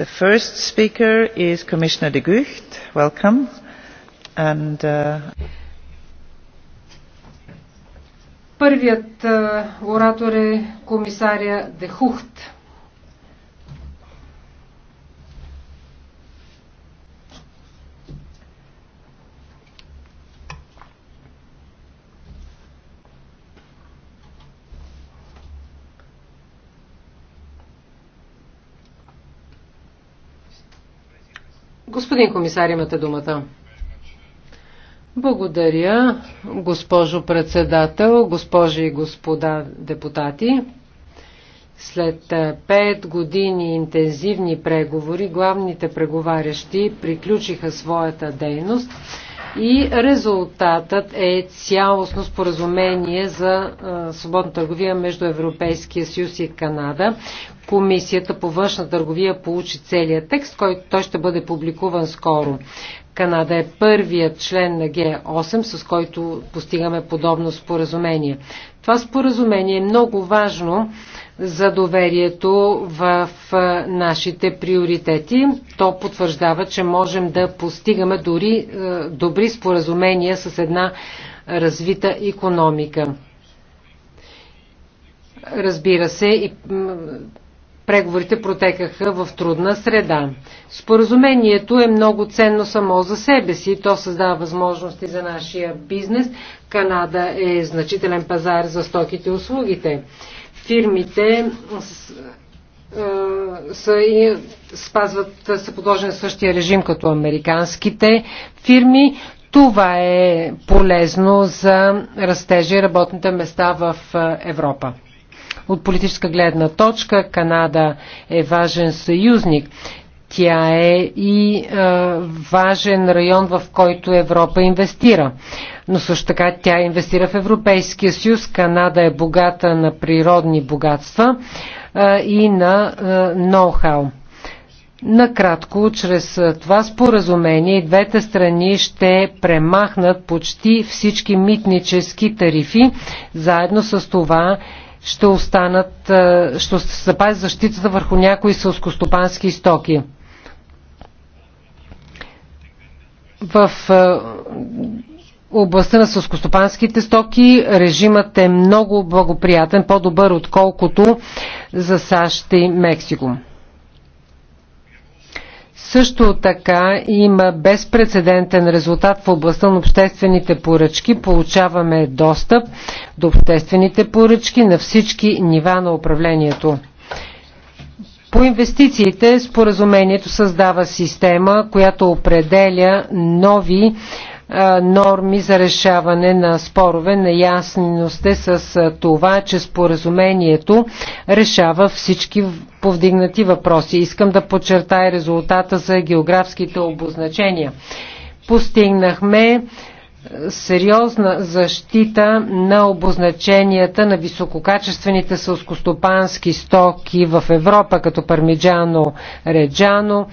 The first speaker is Commissioner de Gucht. Welcome. And, uh... Първият uh, оратор е комисаря Дехухт. Господин комисар, имате думата. Благодаря, госпожо председател, госпожи и господа депутати. След 5 е, години интензивни преговори, главните преговарящи приключиха своята дейност и резултатът е цялостно споразумение за свободна търговия между Европейския съюз и Канада. Комисията по външна търговия получи целият текст, който той ще бъде публикуван скоро. Канада е първият член на Г8, с който постигаме подобно споразумение. Това споразумение е много важно за доверието в нашите приоритети. То потвърждава, че можем да постигаме дори добри споразумения с една развита економика. Разбира се, и Преговорите протекаха в трудна среда. Споразумението е много ценно само за себе си. То създава възможности за нашия бизнес. Канада е значителен пазар за стоките и услугите. Фирмите са, и, спазват, са подложени същия режим като американските фирми. Това е полезно за растежа и работните места в Европа. От политическа гледна точка Канада е важен съюзник. Тя е и е, важен район, в който Европа инвестира. Но също така тя инвестира в Европейския съюз. Канада е богата на природни богатства е, и на е, ноу-хау. Накратко, чрез това споразумение двете страни ще премахнат почти всички митнически тарифи. Заедно с това ще останат, е, ще се запази защитата върху някои сълскостопански стоки. В е, областта на сълскостопанските стоки режимът е много благоприятен, по-добър отколкото за САЩ и Мексико. Също така има безпредседентен резултат в областта на обществените поръчки. Получаваме достъп до обществените поръчки на всички нива на управлението. По инвестициите споразумението създава система, която определя нови норми за решаване на спорове. Наясно сте с това, че споразумението решава всички повдигнати въпроси. Искам да подчертая резултата за географските обозначения. Постигнахме сериозна защита на обозначенията на висококачествените сълскостопански стоки в Европа, като пармиджано, реджано,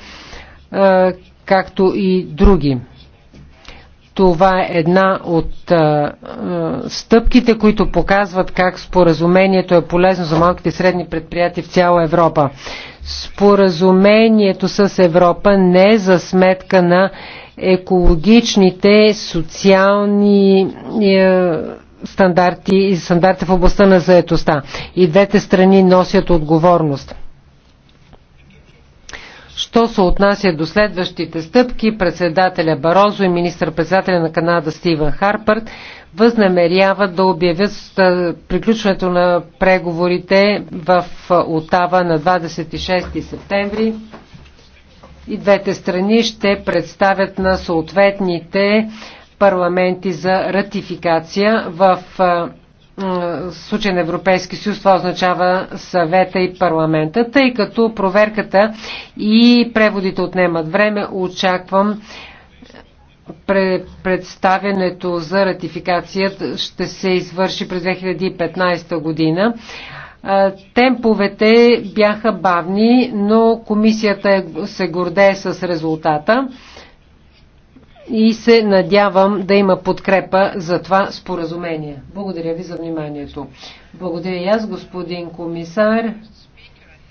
както и други. Това е една от а, стъпките, които показват как споразумението е полезно за малките и средни предприятия в цяла Европа. Споразумението с Европа не е за сметка на екологичните, социални е, стандарти и стандарти в областта на заетостта. И двете страни носят отговорност. Що се отнася до следващите стъпки, председателя Барозо и министър-председателя на Канада Стивен Харпърт възнамеряват да обявят приключването на преговорите в Отава на 26 септември. И двете страни ще представят на съответните парламенти за ратификация в случай на Европейски съюз, това означава съвета и парламента. Тъй като проверката и преводите отнемат време, очаквам представянето за ратификацията ще се извърши през 2015 година. Темповете бяха бавни, но комисията е, се гордее с резултата и се надявам да има подкрепа за това споразумение. Благодаря ви за вниманието. Благодаря и аз, господин комисар.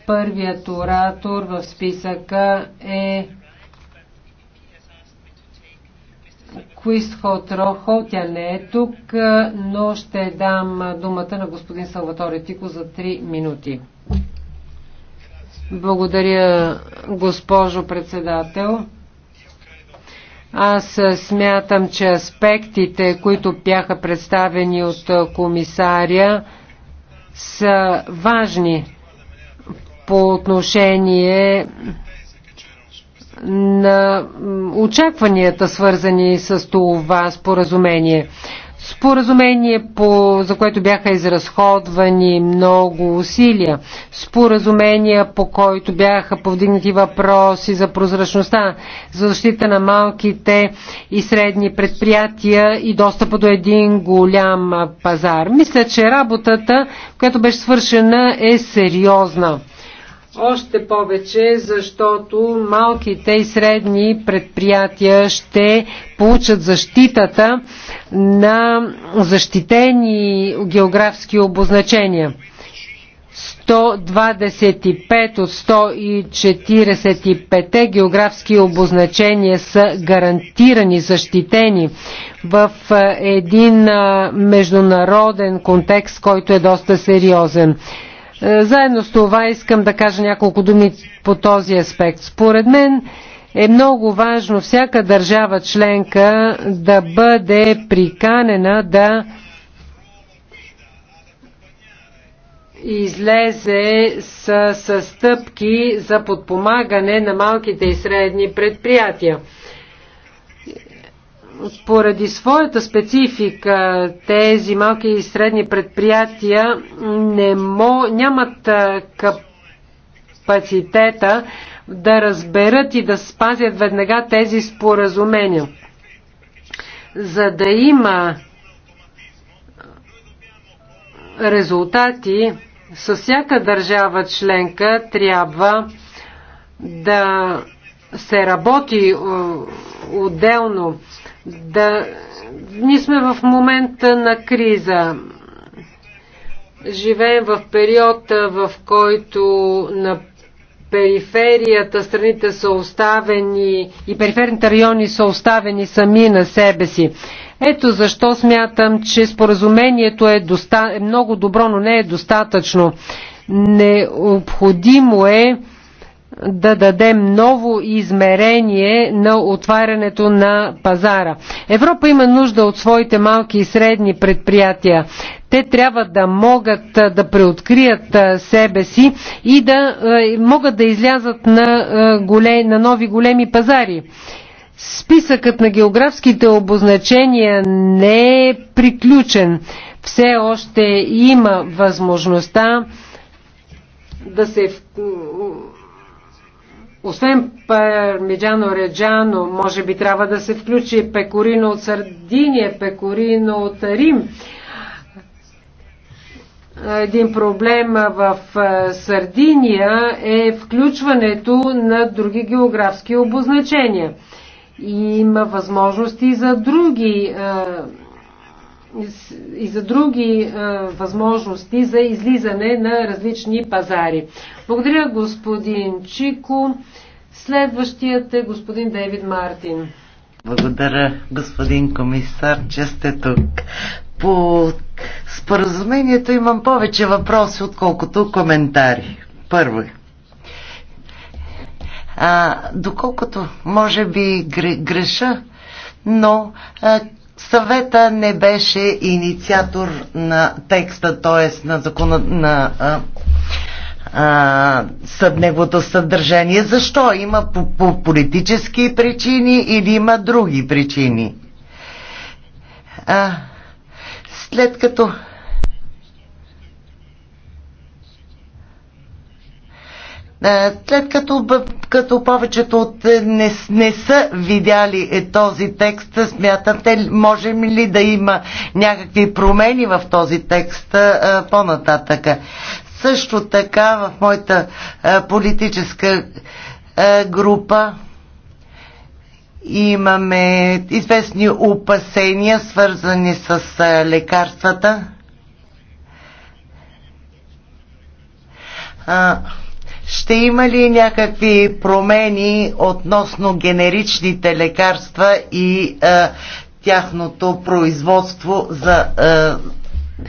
Първият оратор в списъка е Квистхот Рохо. Тя не е тук, но ще дам думата на господин Салваторе Тико за 3 минути. Благодаря, госпожо председател. Аз смятам, че аспектите, които бяха представени от комисаря, са важни по отношение на очакванията, свързани с това споразумение. Споразумение, по, за което бяха изразходвани много усилия. Споразумение, по който бяха повдигнати въпроси за прозрачността, за защита на малките и средни предприятия и достъпа до един голям пазар. Мисля, че работата, която беше свършена, е сериозна. Още повече, защото малките и средни предприятия ще получат защитата на защитени географски обозначения. 125 от 145 географски обозначения са гарантирани, защитени в един международен контекст, който е доста сериозен. Е, заедно с това искам да кажа няколко думи по този аспект. Според мен е много важно всяка държава членка да бъде приканена да излезе с, с стъпки за подпомагане на малките и средни предприятия поради своята специфика тези малки и средни предприятия не мо, нямат капацитета да разберат и да спазят веднага тези споразумения. За да има резултати, със всяка държава членка трябва да се работи отделно да, ние сме в момента на криза. Живеем в период, в който на периферията страните са оставени и периферните райони са оставени сами на себе си. Ето защо смятам, че споразумението е, доста... е много добро, но не е достатъчно. Необходимо е да дадем ново измерение на отварянето на пазара. Европа има нужда от своите малки и средни предприятия. Те трябва да могат да преоткрият себе си и да могат да излязат на, голем, на нови големи пазари. Списъкът на географските обозначения не е приключен. Все още има възможността да се освен пармиджано реджано, може би трябва да се включи пекорино от Сардиния, пекорино от Рим. Един проблем в Сардиния е включването на други географски обозначения. И има възможности за други и за други възможности за излизане на различни пазари. Благодаря, господин Чико. Следващият е господин Дейвид Мартин. Благодаря, господин комисар, че сте тук. По споразумението имам повече въпроси, отколкото коментари. Първо. Е. А, доколкото може би греша, но а, съвета не беше инициатор на текста, т.е. на закона на а, а, съд, неговото съдържание. Защо? Има по, по политически причини или има други причини? А, след като След като, като повечето от е, не, не са видяли е този текст, смятате, можем ли да има някакви промени в този текст по-нататъка? Също така в моята е, политическа е, група имаме известни опасения, свързани с е, лекарствата. Ще има ли някакви промени относно генеричните лекарства и е, тяхното производство за е,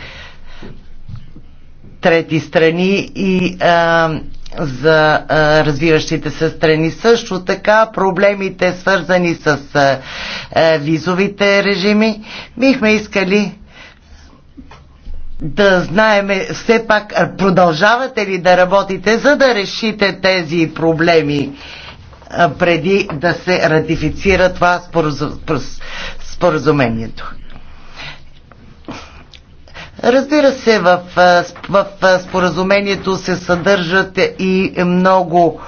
трети страни и а, за а, развиващите се страни. Също така проблемите свързани с а, а, визовите режими бихме искали да знаеме все пак продължавате ли да работите, за да решите тези проблеми преди да се ратифицира това споразумението. Разбира се, в, в, в споразумението се съдържат и много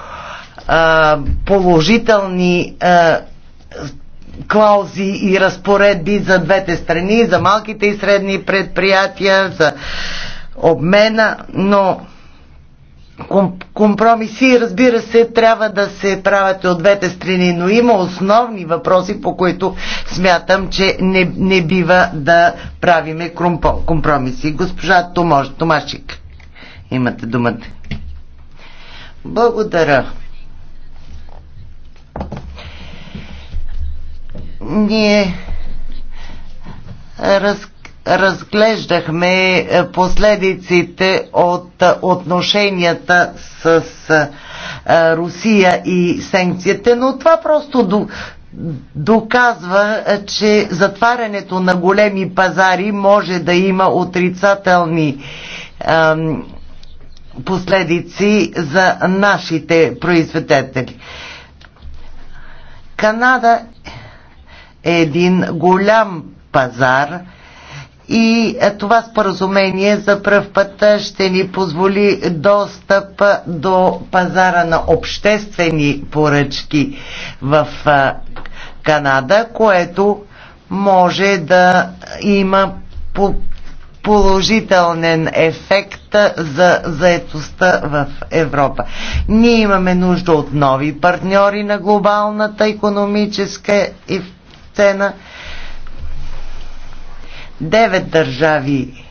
а, положителни а, клаузи и разпоредби за двете страни, за малките и средни предприятия, за обмена, но компромиси, разбира се, трябва да се правят от двете страни, но има основни въпроси, по които смятам, че не, не бива да правиме компромиси. Госпожа Томаш, Томашик, имате думата. Благодаря. Ние разказваме разглеждахме е, последиците от е, отношенията с е, Русия и санкциите, но това просто доказва, че затварянето на големи пазари може да има отрицателни последици за нашите произведетели. Канада е един голям пазар, и е, това споразумение за пръв път е, ще ни позволи достъп е, до пазара на обществени поръчки в Канада, което може да има положителен ефект за заетостта в Европа. Ние имаме нужда от нови партньори на глобалната економическа и цена Девет държави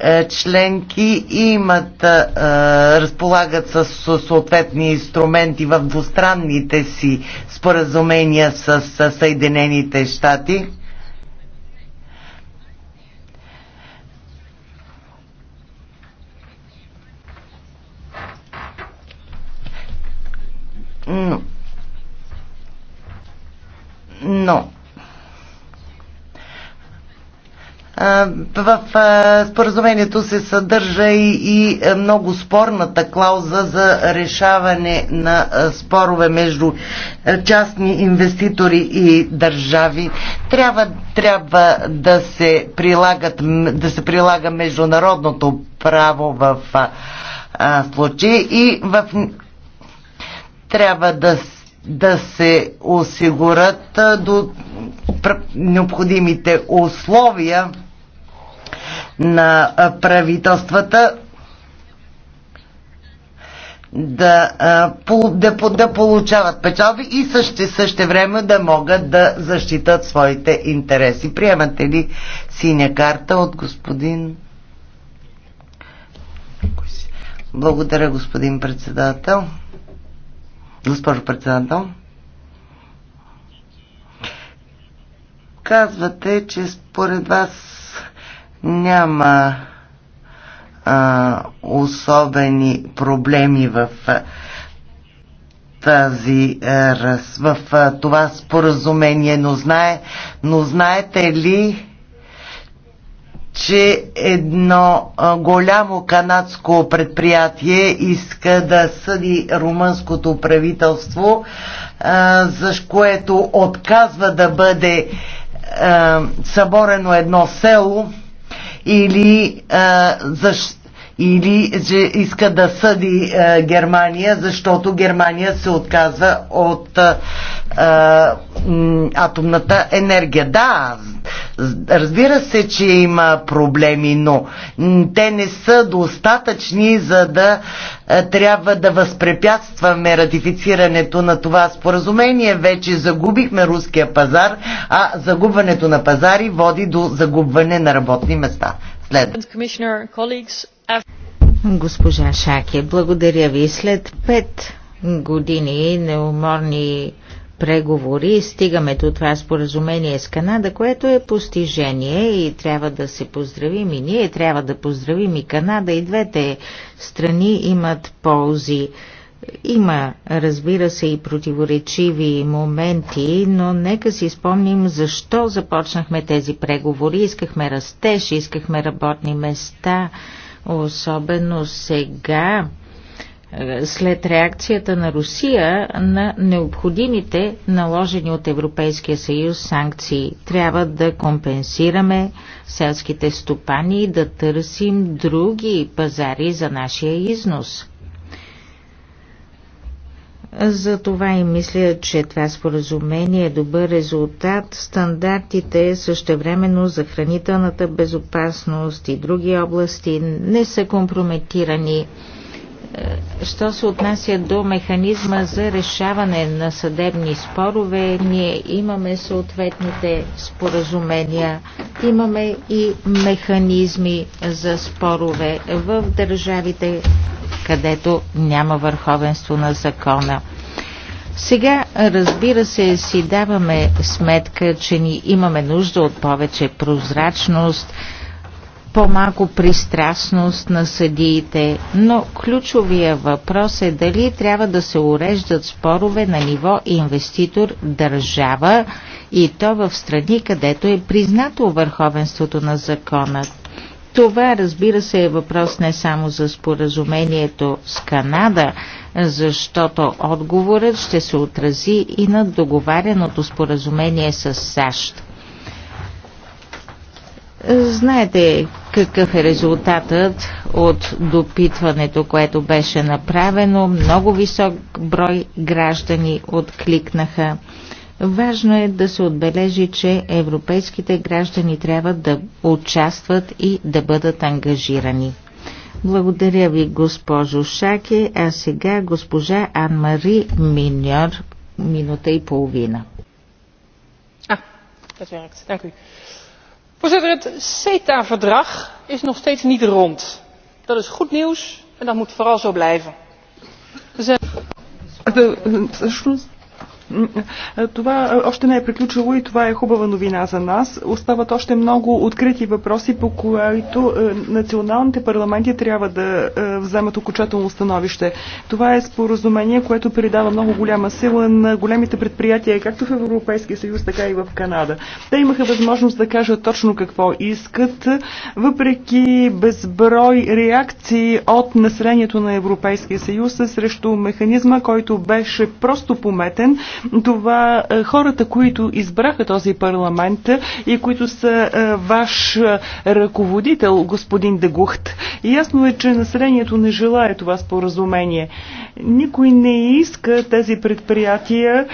е, членки имат, е, разполагат с съответни инструменти в двустранните си споразумения с Съединените щати. Но В споразумението се съдържа и е, много спорната клауза за решаване на спорове между частни инвеститори и държави. Трябва, трябва да, се прилагат, да се прилага международното право в случай и в... трябва да, да се осигурят до необходимите условия на правителствата да, да, да получават печалби и също, също време да могат да защитат своите интереси. Приемате ли синя карта от господин? Благодаря, господин председател. Госпожо председател. Казвате, че според вас няма а, особени проблеми в тази в това споразумение, но, знае, но знаете ли, че едно голямо канадско предприятие иска да съди румънското правителство, за което отказва да бъде съборено едно село, или а, защ, или че иска да съди е, Германия, защото Германия се отказва от е, е атомната енергия. Да, разбира се, че има проблеми, но те не са достатъчни, за да е, трябва да възпрепятстваме ратифицирането на това споразумение. Вече загубихме руския пазар, а загубването на пазари води до загубване на работни места след. Госпожа Шаке, благодаря ви. След пет години неуморни преговори стигаме до това споразумение с Канада, което е постижение и трябва да се поздравим и ние, трябва да поздравим и Канада и двете страни имат ползи. Има, разбира се, и противоречиви моменти, но нека си спомним защо започнахме тези преговори. Искахме растеж, искахме работни места, особено сега, след реакцията на Русия на необходимите наложени от Европейския съюз санкции. Трябва да компенсираме селските стопани и да търсим други пазари за нашия износ. За това и мисля, че това споразумение е добър резултат. Стандартите същевременно за хранителната безопасност и други области не са компрометирани. Е, що се отнася до механизма за решаване на съдебни спорове, ние имаме съответните споразумения, имаме и механизми за спорове в държавите, където няма върховенство на закона. Сега, разбира се, си даваме сметка, че ни имаме нужда от повече прозрачност, по-малко пристрастност на съдиите, но ключовия въпрос е дали трябва да се уреждат спорове на ниво инвеститор-държава и то в страни, където е признато върховенството на закона. Това, разбира се, е въпрос не само за споразумението с Канада, защото отговорът ще се отрази и на договареното споразумение с САЩ. Знаете какъв е резултатът от допитването, което беше направено. Много висок брой граждани откликнаха. Важно е да се отбележи, че европейските граждани трябва да участват и да бъдат ангажирани. Благодаря ви, госпожо Шаке, а сега госпожа Анмари Миньор, минута и половина. А, dat werkt. Dank voorzitter het ceta verdrag is nog steeds niet rond. dat is goed nieuws en dat moet vooral zo blijven. Това още не е приключило и това е хубава новина за нас. Остават още много открити въпроси, по които е, националните парламенти трябва да е, вземат окончателно становище. Това е споразумение, което придава много голяма сила на големите предприятия, както в Европейския съюз, така и в Канада. Те имаха възможност да кажат точно какво искат, въпреки безброй реакции от населението на Европейския съюз срещу механизма, който беше просто пометен, това е, хората, които избраха този парламент и които са е, ваш е, ръководител, господин Дегухт. Ясно е, че населението не желая това споразумение. Никой не иска тези предприятия,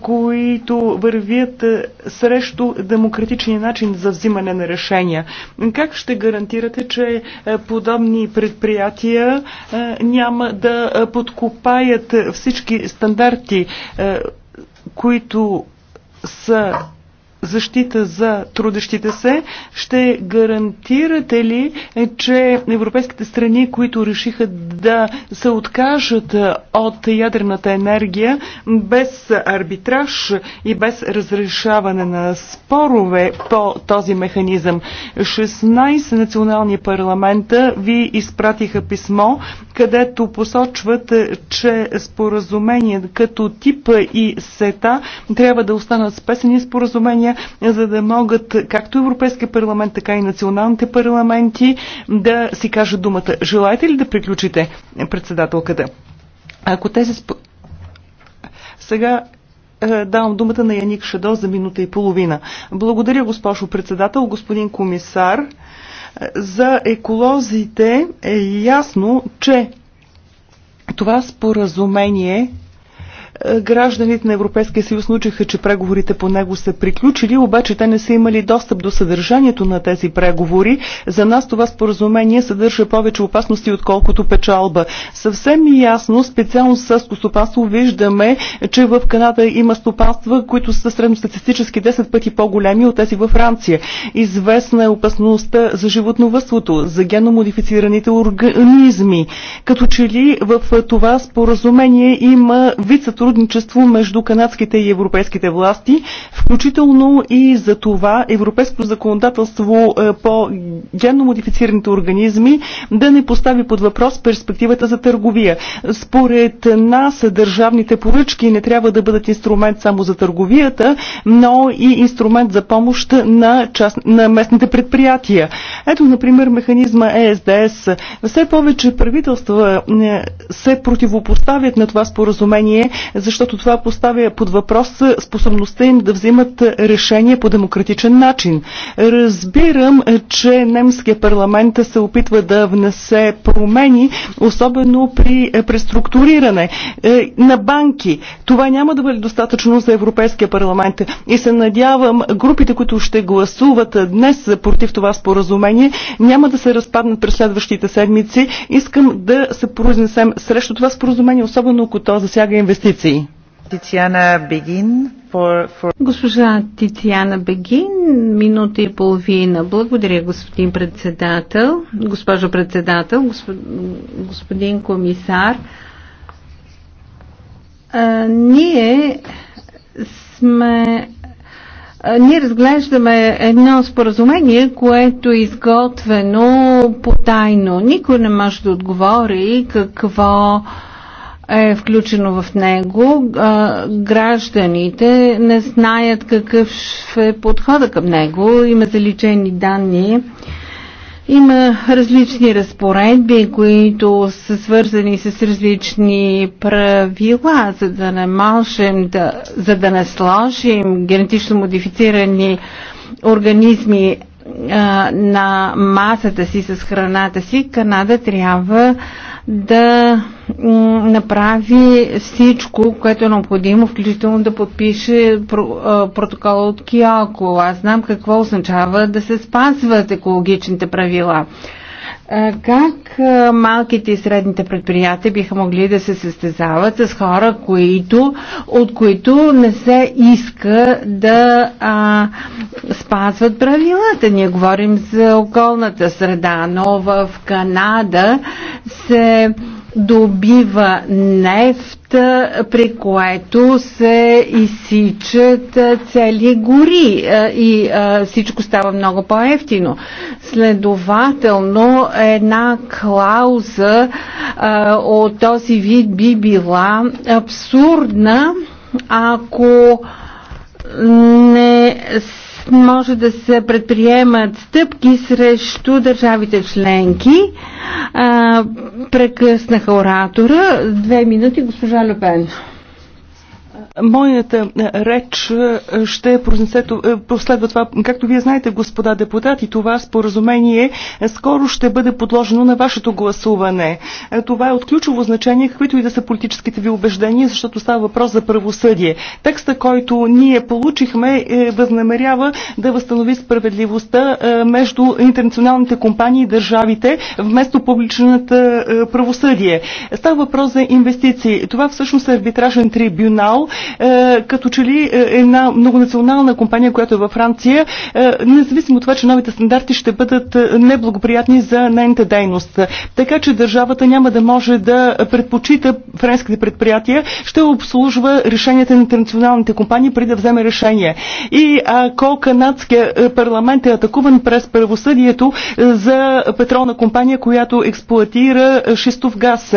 които вървят срещу демократичния начин за взимане на решения. Как ще гарантирате, че подобни предприятия няма да подкопаят всички стандарти които са защита за трудещите се, ще гарантирате ли, е, че европейските страни, които решиха да се откажат е, от ядрената енергия без арбитраж и без разрешаване на спорове по този механизъм? 16 национални парламента ви изпратиха писмо, където посочват, е, че споразумения като типа и сета трябва да останат спесени споразумения за да могат както Европейския парламент, така и националните парламенти да си кажат думата. Желаете ли да приключите председателката? Ако те се... Сега е, давам думата на Яник Шадо за минута и половина. Благодаря, госпожо председател, господин комисар. Е, за еколозите е ясно, че това споразумение Гражданите на Европейския съюз научиха, че преговорите по него са приключили, обаче те не са имали достъп до съдържанието на тези преговори. За нас това споразумение съдържа повече опасности, отколкото печалба. Съвсем ясно, специално с стопанство, виждаме, че в Канада има стопанства, които са средностатистически 10 пъти по-големи от тези във Франция. Известна е опасността за животновътството, за геномодифицираните организми. Като че ли в това споразумение има вицето сътрудничество между канадските и европейските власти, включително и за това Европейското законодателство е, по генно модифицираните организми да не постави под въпрос перспективата за търговия. Според нас държавните поръчки не трябва да бъдат инструмент само за търговията, но и инструмент за помощ на, част, на местните предприятия. Ето, например, механизма ЕСДС. Все повече правителства е, се противопоставят на това споразумение, защото това поставя под въпрос способността им да взимат решение по демократичен начин. Разбирам, че немския парламент се опитва да внесе промени, особено при преструктуриране е, на банки. Това няма да бъде достатъчно за Европейския парламент и се надявам групите, които ще гласуват днес против това споразумение, няма да се разпаднат през следващите седмици. Искам да се произнесем срещу това споразумение, особено ако то засяга инвестиции институции. Тициана Бегин. For, for... Госпожа Тициана Бегин, минута и половина. Благодаря, господин председател, госпожо председател, госп... господин комисар. А, ние сме ние разглеждаме едно споразумение, което е изготвено потайно. Никой не може да отговори какво а, е включено в него. Гражданите не знаят какъв е подхода към него. Има заличени данни. Има различни разпоредби, които са свързани с различни правила, за да не можем да, за да не сложим генетично модифицирани организми а, на масата си с храната си, Канада трябва да направи всичко, което е необходимо, включително да подпише протокол от Киоко. Аз знам какво означава да се спазват екологичните правила. Как малките и средните предприятия биха могли да се състезават с хора, които, от които не се иска да а, спазват правилата? Ние говорим за околната среда, но в Канада се добива нефт, при което се изсичат цели гори и всичко става много по-ефтино. Следователно, една клауза от този вид би била абсурдна, ако не може да се предприемат стъпки срещу държавите членки. А, прекъснаха оратора. Две минути, госпожа Люпен. Моята е, реч е, ще произнесе, е, последва това, както вие знаете, господа депутати, това споразумение скоро ще бъде подложено на вашето гласуване. Това е от ключово значение, каквито и да са политическите ви убеждения, защото става въпрос за правосъдие. Текста, който ние получихме, възнамерява да възстанови справедливостта между интернационалните компании и държавите, вместо публичната правосъдие. Става въпрос за инвестиции. Това всъщност е арбитражен трибунал, е, като че ли е, една многонационална компания, която е във Франция, е, независимо от това, че новите стандарти ще бъдат е, неблагоприятни за нейната дейност. Така че държавата няма да може да предпочита френските предприятия, ще обслужва решенията на интернационалните компании преди да вземе решение. И ако канадския парламент е атакуван през правосъдието за петролна компания, която експлуатира шистов газ,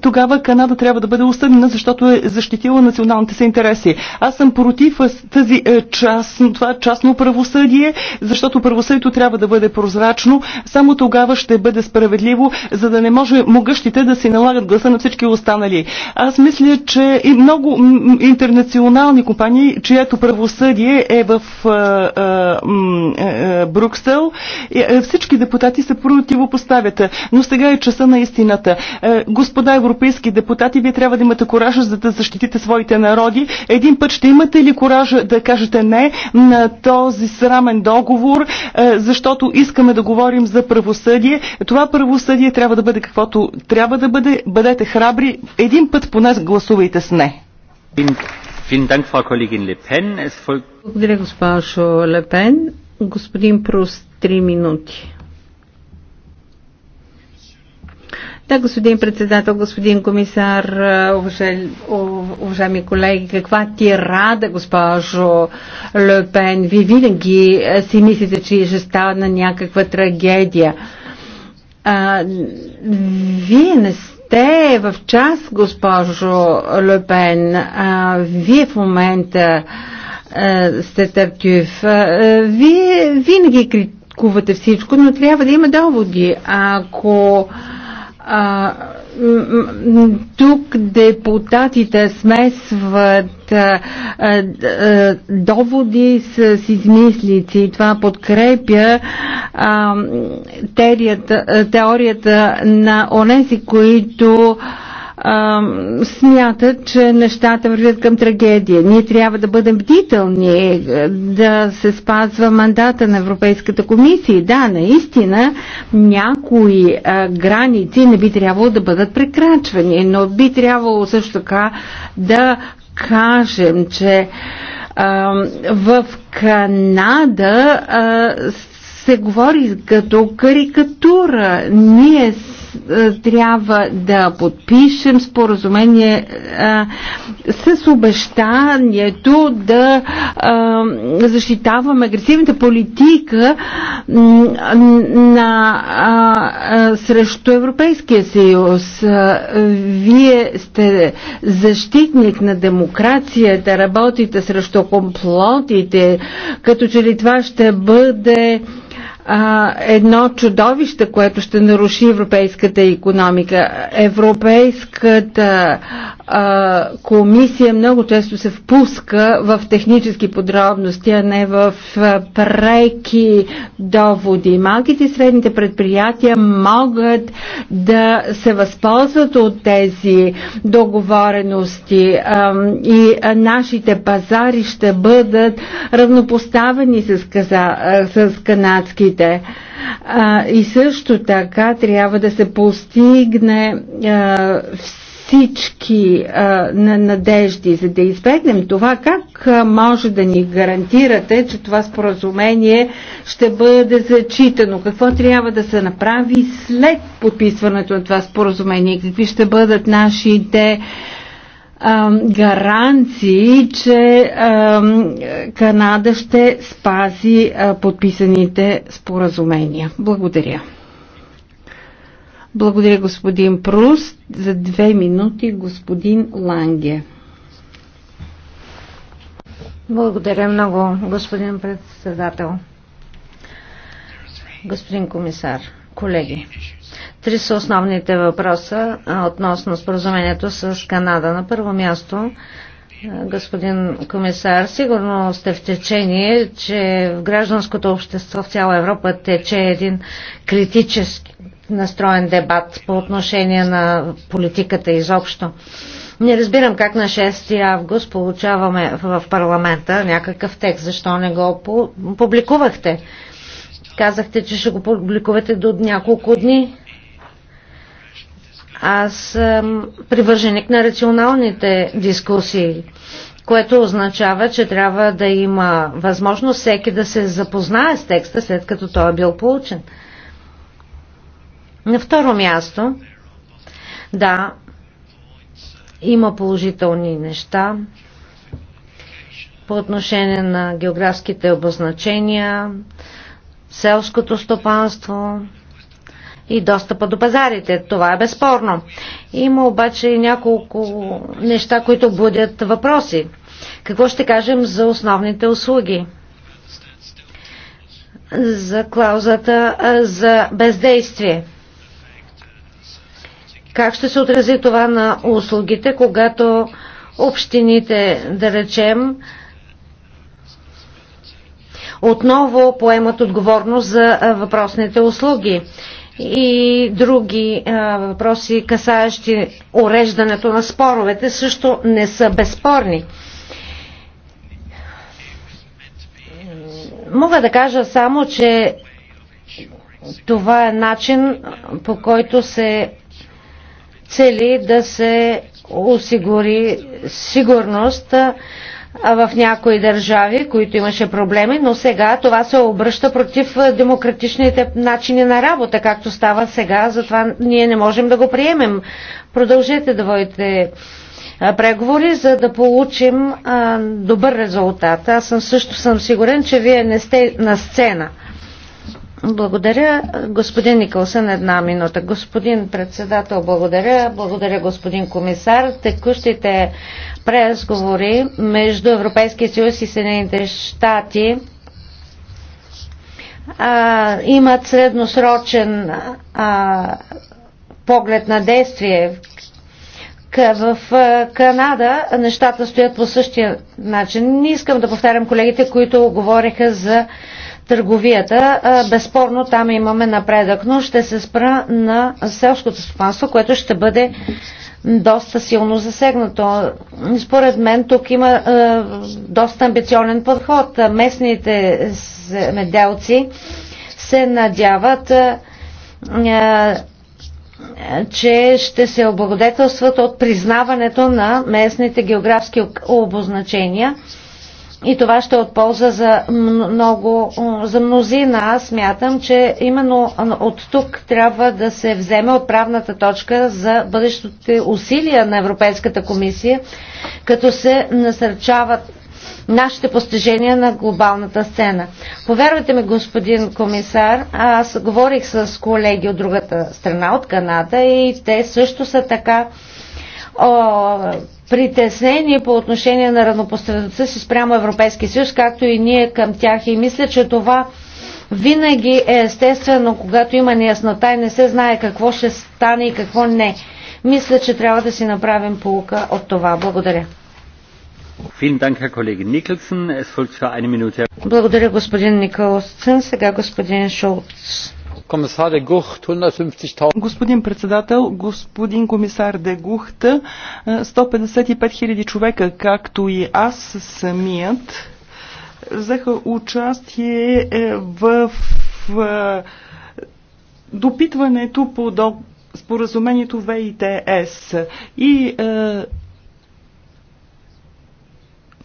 тогава Канада трябва да бъде осъдена, защото е защитила националната националните си интереси. Аз съм против тази е, част, това частно правосъдие, защото правосъдието трябва да бъде прозрачно. Само тогава ще бъде справедливо, за да не може могъщите да си налагат гласа на всички останали. Аз мисля, че и много интернационални компании, чието правосъдие е в е, е, Бруксел, всички депутати се противопоставят. Но сега е часа на истината. Господа европейски депутати, вие трябва да имате коража, за да защитите своите европейските народи, един път ще имате ли коража да кажете не на този срамен договор, е, защото искаме да говорим за правосъдие. Това правосъдие трябва да бъде каквото трябва да бъде. Бъдете храбри. Един път поне гласувайте с не. Благодаря, госпожо Лепен. Господин Прус, три минути. Да, господин председател, господин комисар, уважаеми колеги, каква ти рада, госпожо Лепен. Ви винаги си мислите, че ще става на някаква трагедия. А, вие не сте в час, госпожо Лепен. А, вие в момента сте А, Вие винаги критикувате всичко, но трябва да има доводи. Ако а, а, тук депутатите смесват а, а, доводи с, с измислици и това подкрепя а, теорията, теорията на онези, които а, а, смятат, че нещата вървят към трагедия. Ние трябва да бъдем бдителни, е, да се спазва мандата на Европейската комисия. Да, наистина някои а, граници не би трябвало да бъдат прекрачвани, но би трябвало също така да кажем, че а, в Канада а, се говори като карикатура. Ние е, трябва да подпишем споразумение а, е, с обещанието да а, е, защитаваме агресивната политика на, а, а, срещу Европейския съюз. вие сте защитник на демокрацията, работите срещу комплотите, като че ли това ще бъде а, едно чудовище, което ще наруши европейската економика. Европейската а, комисия много често се впуска в технически подробности, а не в а, преки доводи. Малките и средните предприятия могат да се възползват от тези договорености а, и а, нашите пазари ще бъдат равнопоставени с, каза, а, с канадските а, И също така трябва да се постигне всички а, надежди, за да избегнем това, как може да ни гарантирате, че това споразумение ще бъде зачитано? Какво трябва да се направи след подписването на това споразумение? Какви ще бъдат нашите гаранции, че Канада ще спази подписаните споразумения. Благодаря. Благодаря господин Прус. За две минути господин Ланге. Благодаря много, господин председател, господин комисар, колеги. Три са основните въпроса относно споразумението с Канада. На първо място, господин комисар, сигурно сте в течение, че в гражданското общество в цяла Европа тече един критически настроен дебат по отношение на политиката изобщо. Не разбирам как на 6 август получаваме в парламента някакъв текст. Защо не го публикувахте? Казахте, че ще го публикувате до няколко дни аз съм привърженик на рационалните дискусии, което означава, че трябва да има възможност всеки да се запознае с текста, след като той е бил получен. На второ място, да, има положителни неща по отношение на географските обозначения, селското стопанство, и достъпа до пазарите. Това е безспорно. Има обаче и няколко неща, които будят въпроси. Какво ще кажем за основните услуги? За клаузата за бездействие. Как ще се отрази това на услугите, когато общините, да речем, отново поемат отговорност за въпросните услуги? и други а, въпроси, касаещи уреждането на споровете, също не са безспорни. Мога да кажа само, че това е начин по който се цели да се осигури сигурност в някои държави, които имаше проблеми, но сега това се обръща против демократичните начини на работа, както става сега, затова ние не можем да го приемем. Продължете да водите преговори, за да получим а, добър резултат. Аз съм също съм сигурен, че вие не сте на сцена. Благодаря. Господин Николсън, една минута. Господин председател, благодаря. Благодаря, господин комисар. Текущите преразговори между Европейския съюз и Съединените щати имат средносрочен а, поглед на действие. В Канада нещата стоят по същия начин. Не искам да повтарям колегите, които говориха за а, търговията. Безспорно там имаме напредък, но ще се спра на селското стопанство, което ще бъде доста силно засегнато. Според мен тук има е, доста амбиционен подход. Местните меделци се надяват е, че ще се облагодетелстват от признаването на местните географски обозначения. И това ще е от полза за много, за мнозина. Аз смятам, че именно от тук трябва да се вземе отправната точка за бъдещите усилия на Европейската комисия, като се насърчават нашите постижения на глобалната сцена. Повярвайте ми, господин комисар, аз говорих с колеги от другата страна, от Канада, и те също са така о, притеснени по отношение на равнопоставеността си спрямо Европейския съюз, както и ние към тях. И мисля, че това винаги е естествено, когато има неяснота и не се знае какво ще стане и какво не. Мисля, че трябва да си направим полука от това. Благодаря. Благодаря, господин Николсен. Сега господин Шолц. Господин председател, господин комисар Гухта, 155 хиляди човека, както и аз самият, взеха участие е, в, в допитването по до, споразумението ВИТС. И е,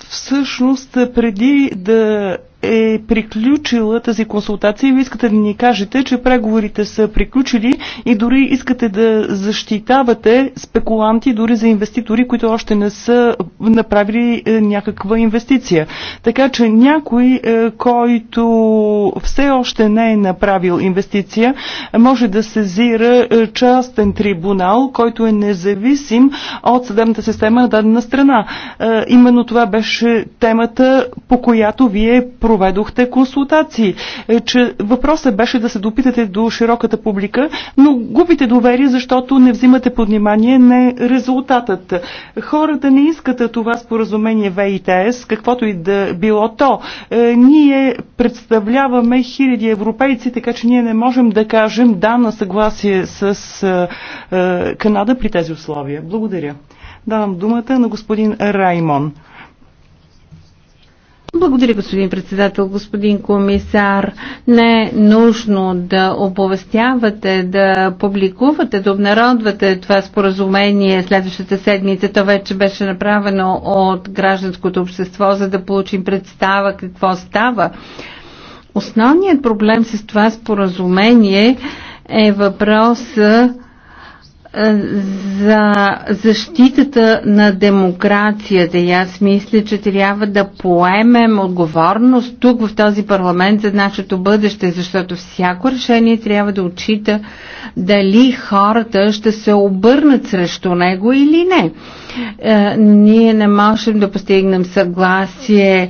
всъщност преди да е приключила тази консултация и вие искате да ни кажете, че преговорите са приключили и дори искате да защитавате спекуланти, дори за инвеститори, които още не са направили е, някаква инвестиция. Така че някой, е, който все още не е направил инвестиция, може да сезира е, частен трибунал, който е независим от съдебната система на дадена страна. Именно това беше темата, по която вие проведохте консултации. Е, че въпросът беше да се допитате до широката публика, но губите доверие, защото не взимате под внимание не резултатът. Хората не искат това споразумение ВИТС, каквото и да било то. Е, ние представляваме хиляди европейци, така че ние не можем да кажем да на съгласие с е, Канада при тези условия. Благодаря. Давам думата на господин Раймон. Благодаря, господин председател, господин комисар. Не е нужно да оповестявате, да публикувате, да обнародвате това споразумение следващата седмица. То вече беше направено от гражданското общество, за да получим представа какво става. Основният проблем с това споразумение е въпросът за защитата на демокрацията и аз мисля, че трябва да поемем отговорност тук в този парламент за нашето бъдеще, защото всяко решение трябва да отчита дали хората ще се обърнат срещу него или не. Е, ние не можем да постигнем съгласие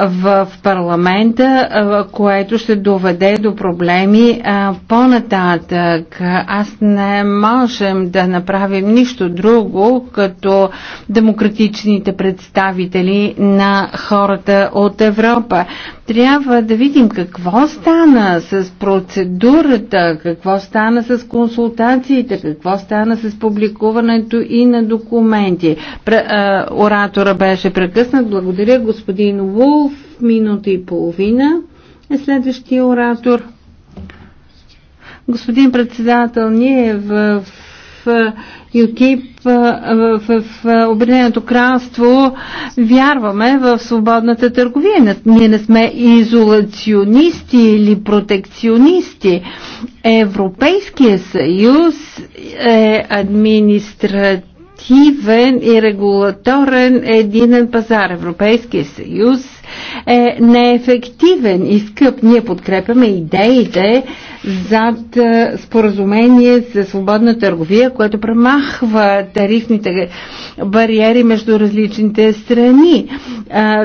в парламента, е, което ще доведе до проблеми е, по-нататък. Аз не можем да направим нищо друго, като демократичните представители на хората от Европа. Трябва да видим какво стана с процедурата, какво стана с консултациите, какво стана с публикуването и на документи а, Оратора беше прекъснат. Благодаря господин Вулф. Минута и половина е следващия оратор. Господин председател, ние в ЮКИП в, в, в Обединеното кралство вярваме в свободната търговия. Ние не сме изолационисти или протекционисти. Европейския съюз е администрат ефективен и регулаторен единен пазар. Европейския съюз е неефективен и скъп. Ние подкрепяме идеите зад е, споразумение за свободна търговия, което премахва тарифните бариери между различните страни. Е,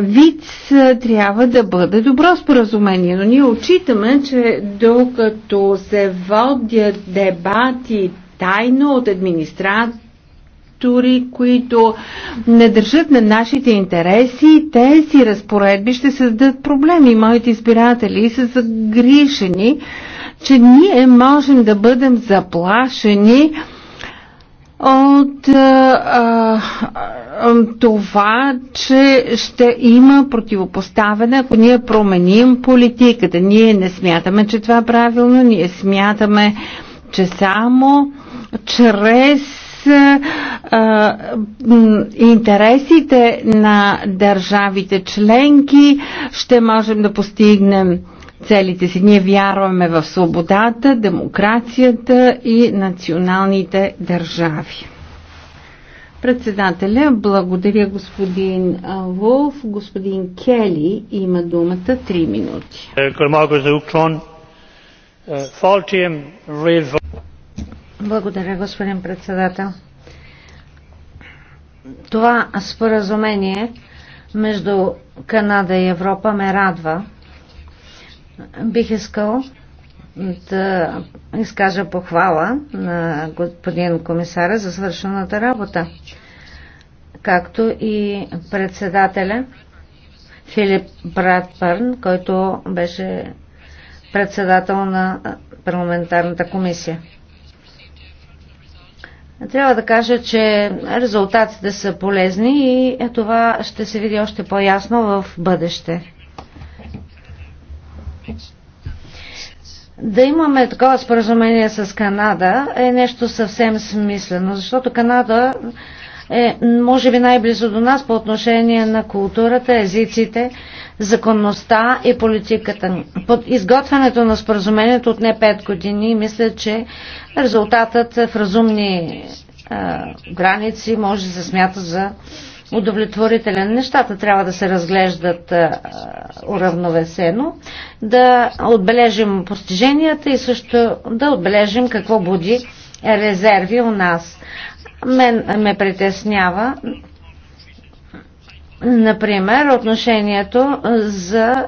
ВИЦ е, трябва да бъде добро споразумение, но ние отчитаме, че докато се водят дебати тайно от администрацията, структури, които не държат на нашите интереси, тези разпоредби ще създадат проблеми. Моите избиратели са загрижени, че ние можем да бъдем заплашени от а, а, а, това, че ще има противопоставяне, ако ние променим политиката. Ние не смятаме, че това е правилно, ние смятаме, че само чрез а, интересите на държавите членки ще можем да постигнем целите си. Ние вярваме в свободата, демокрацията и националните държави. Председателя, благодаря господин Волф. Господин Кели има думата 3 минути. Е, благодаря, господин председател. Това споразумение между Канада и Европа ме радва. Бих искал да изкажа похвала на господин комисаря за свършената работа, както и председателя Филип Братпърн, който беше председател на парламентарната комисия. Трябва да кажа, че резултатите са полезни и е, това ще се види още по-ясно в бъдеще. Да имаме такова споразумение с Канада е нещо съвсем смислено, защото Канада е може би най-близо до нас по отношение на културата, езиците, законността и политиката ни. Под изготвянето на споразумението от не 5 години, мисля, че резултатът в разумни а, граници може да се смята за удовлетворителен. Нещата трябва да се разглеждат а, уравновесено, да отбележим постиженията и също да отбележим какво буди резерви у нас. Мен ме притеснява Например, отношението за,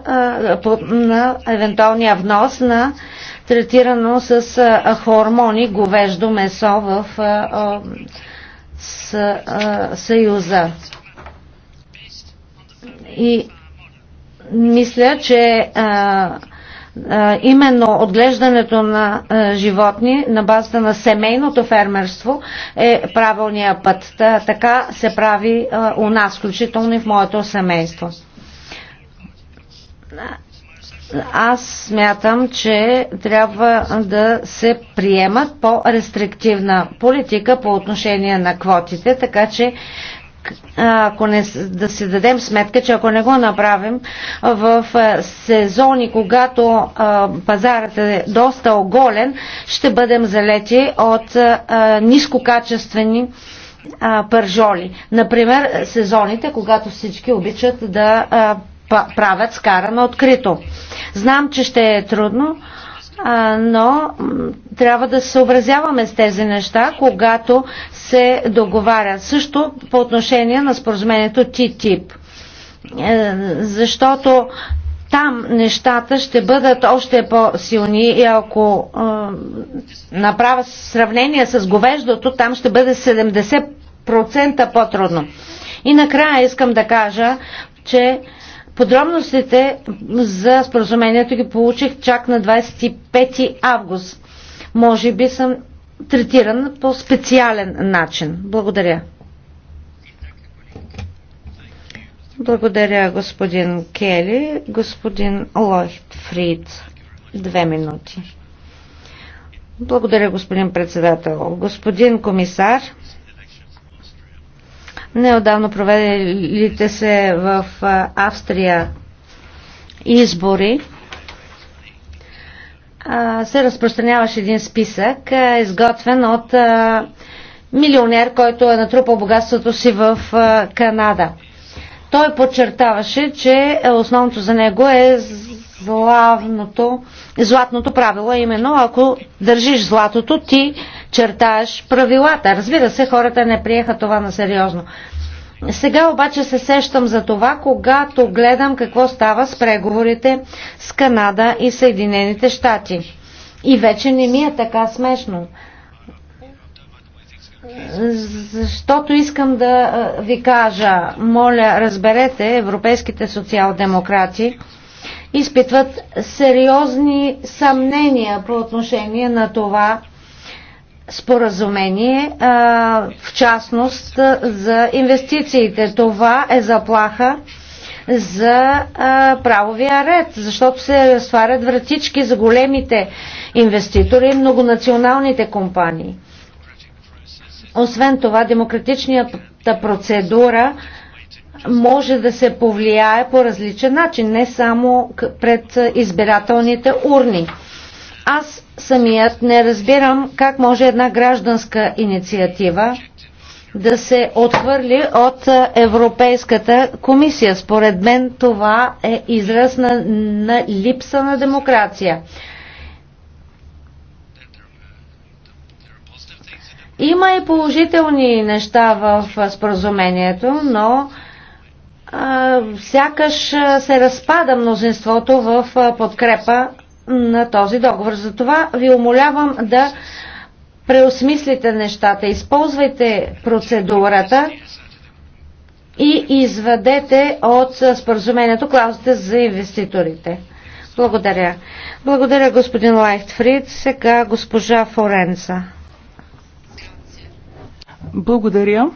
на евентуалния внос на третирано с хормони говеждо месо в Съюза. И мисля, че а, именно отглеждането на животни на базата на семейното фермерство е правилния път. Така се прави у нас, включително и в моето семейство. Аз смятам, че трябва да се приемат по-рестриктивна политика по отношение на квотите, така че ако не, да си дадем сметка, че ако не го направим в сезони, когато пазарът е доста оголен, ще бъдем залети от нискокачествени пържоли. Например, сезоните, когато всички обичат да правят скарана открито. Знам, че ще е трудно, но трябва да се съобразяваме с тези неща, когато се договаря. Също по отношение на споразумението ТИТИП. Е, защото там нещата ще бъдат още по-силни и ако е, направя сравнение с говеждото, там ще бъде 70% по-трудно. И накрая искам да кажа, че Подробностите за споразумението ги получих чак на 25 август. Може би съм третиран по специален начин. Благодаря. Благодаря, господин Кели. Господин Лойхт Фрид, две минути. Благодаря, господин председател. Господин комисар, неодавно проведелите се в Австрия избори, се разпространяваше един списък, изготвен от милионер, който е натрупал богатството си в Канада. Той подчертаваше, че е, основното за него е злавното, златното правило, именно ако държиш златото, ти чертаеш правилата. Разбира се, хората не приеха това на сериозно. Сега обаче се сещам за това, когато гледам какво става с преговорите с Канада и Съединените щати. И вече не ми е така смешно. Защото искам да ви кажа, моля, разберете, европейските социал-демократи изпитват сериозни съмнения по отношение на това, споразумение, в частност за инвестициите. Това е заплаха за правовия ред, защото се разтварят вратички за големите инвеститори и многонационалните компании. Освен това, демократичната процедура може да се повлияе по различен начин, не само пред избирателните урни. Аз самият не разбирам как може една гражданска инициатива да се отхвърли от Европейската комисия. Според мен това е израз на, на липса на демокрация. Има и положителни неща в споразумението, но а, сякаш се разпада мнозинството в подкрепа на този договор. Затова ви умолявам да преосмислите нещата, използвайте процедурата и извадете от споразумението клаузите за инвеститорите. Благодаря. Благодаря господин Лайфтфрид. Сега госпожа Форенца. Благодаря.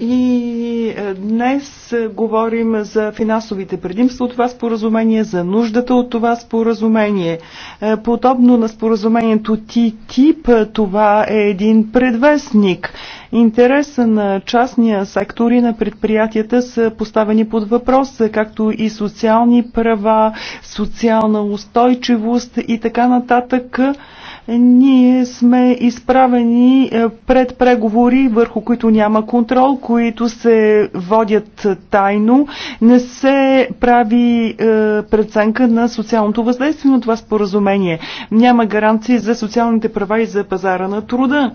И е, днес е, говорим за финансовите предимства от това споразумение, за нуждата от това споразумение. Е, подобно на споразумението ТИТИП, това е един предвестник. Интереса на частния сектор и на предприятията са поставени под въпрос, както и социални права, социална устойчивост и така нататък ние сме изправени е, пред преговори, върху които няма контрол, които се водят е, тайно. Не се прави е, преценка на социалното въздействие на това споразумение. Няма гаранции за социалните права и за пазара на труда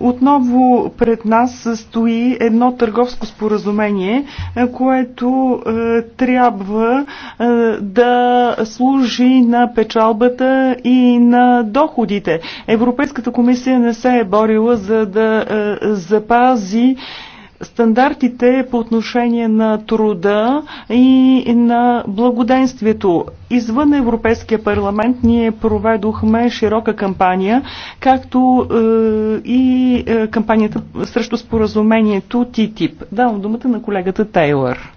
отново пред нас стои едно търговско споразумение, което е, трябва е, да служи на печалбата и на доходите. Европейската комисия не се е борила за да е, запази стандартите по отношение на труда и на благоденствието. Извън Европейския парламент ние проведохме широка кампания, както е, и е, кампанията срещу споразумението ТИТИП. Давам думата на колегата Тейлър.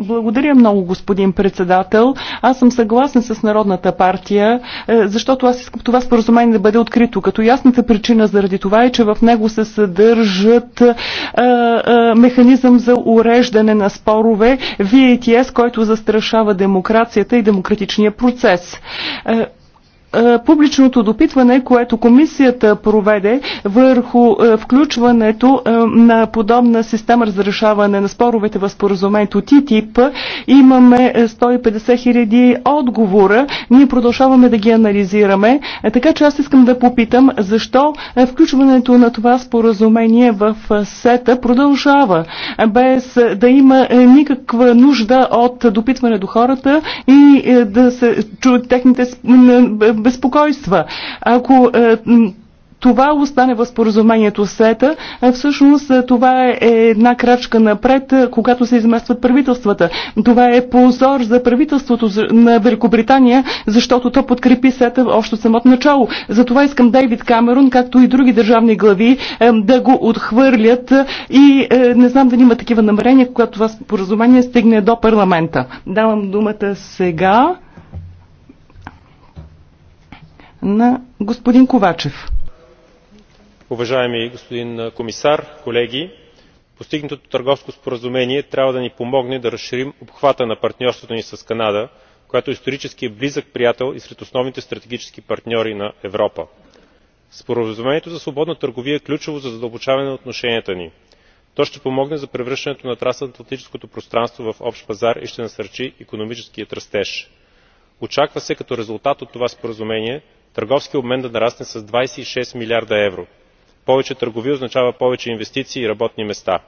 Благодаря много, господин председател. Аз съм съгласен с Народната партия, е, защото аз искам това споразумение да бъде открито. Като ясната причина заради това е, че в него се съдържат е, е, механизъм за уреждане на спорове, VATS, който застрашава демокрацията и демократичния процес. Е, публичното допитване, което комисията проведе върху е, включването е, на подобна система разрешаване на споровете в споразумението ТИТИП, имаме 150 хиляди отговора. Ние продължаваме да ги анализираме. Така че аз искам да попитам защо включването на това споразумение в сета продължава, без да има никаква нужда от допитване до хората и да се чуят техните безпокойства. Ако е, това остане в споразумението СЕТА. Е, всъщност е, това е една крачка напред, когато се изместват правителствата. Това е позор за правителството на Великобритания, защото то подкрепи СЕТА още самото начало. Затова искам Дейвид Камерон, както и други държавни глави, да го отхвърлят и не знам да има такива намерения, когато това споразумение стигне до парламента. Давам думата сега на господин Ковачев. Уважаеми господин комисар, колеги, постигнатото търговско споразумение трябва да ни помогне да разширим обхвата на партньорството ни с канада която е исторически е близък приятел и сред основните стратегически партньори на европа. споразумението за свободна търговия е ключово за задълбочаване на отношенията ни. то ще помогне за превръщането на трансатлантическото пространство в общ пазар и ще насърчи економическият растеж. очаква се като резултат от това споразумение търговският обмен да нарасне с двадесет и шест милиарда евро. повече търговия означава повече инвестиции и работни места.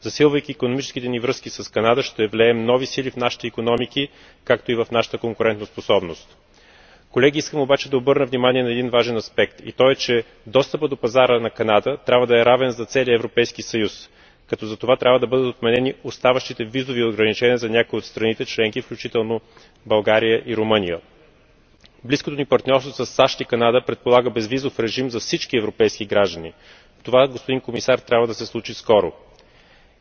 засилвайки икономическите ни връзки с канада ще влеем нови сили в нашите икономики както и в нашата конкурентоспособност. колеги искам обаче да обърна внимание на един важен аспект и той е че достъпът до пазара на канада трябва да е равен за целия европейски съюз като за това трябва да бъдат отменени оставащите визови ограничения за някои от страните членки включително България и румъния близкото ни партньорство със сащ и канада предполага безвизов режим за всички европейски граждани. това господин комисар трябва да се случи скоро.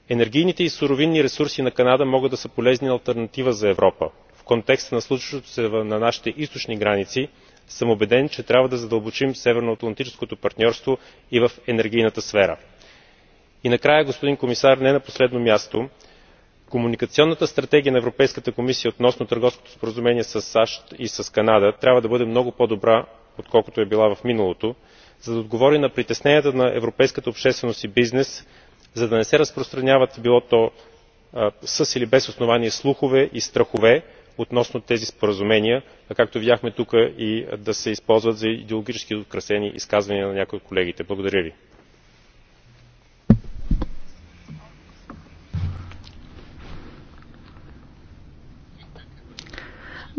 енергийните и суровинни ресурси на канада могат да са полезна алтернатива за европа. в контекста на случващото се на нашите източни граници съм убеден че трябва да задълбочим северноатлантическото партньорство и в енергийната сфера. и накрая господин комисар не на последно място комуникационната стратегия на европейската комисия относно търговското споразумение със сащ и с канада трябва да бъде много по добра отколкото е била в миналото за да отговори на притесненията на европейската общественост и бизнес за да не се разпространяват било то със или без основание слухове и страхове относно тези споразумения а както видяхме тук и да се използват за идеологически украсени изказвания на някои от колегите. благодаря ви.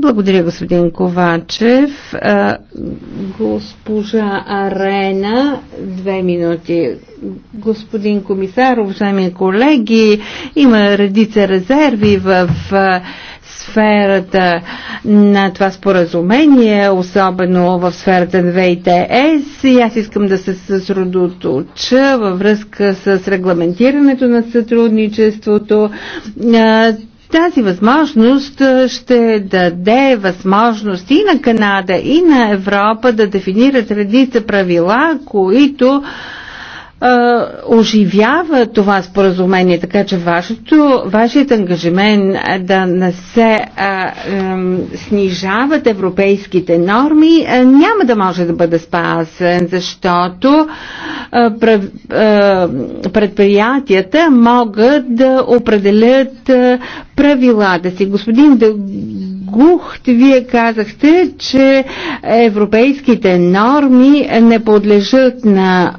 Благодаря, господин Ковачев. Госпожа Арена, две минути. Господин комисар, уважаеми колеги, има редица резерви в сферата на това споразумение, особено в сферата на ВИТС. И аз искам да се съсредоточа във връзка с регламентирането на сътрудничеството. Тази възможност ще даде възможност и на Канада, и на Европа да дефинират редица правила, които оживява това споразумение, така че вашето, вашият ангажимент е да не се а, а, снижават европейските норми а, е, няма да може да бъде спасен, защото а, пред, а, предприятията могат да определят а, правилата си. Господин Гухт, вие казахте, че европейските норми не подлежат на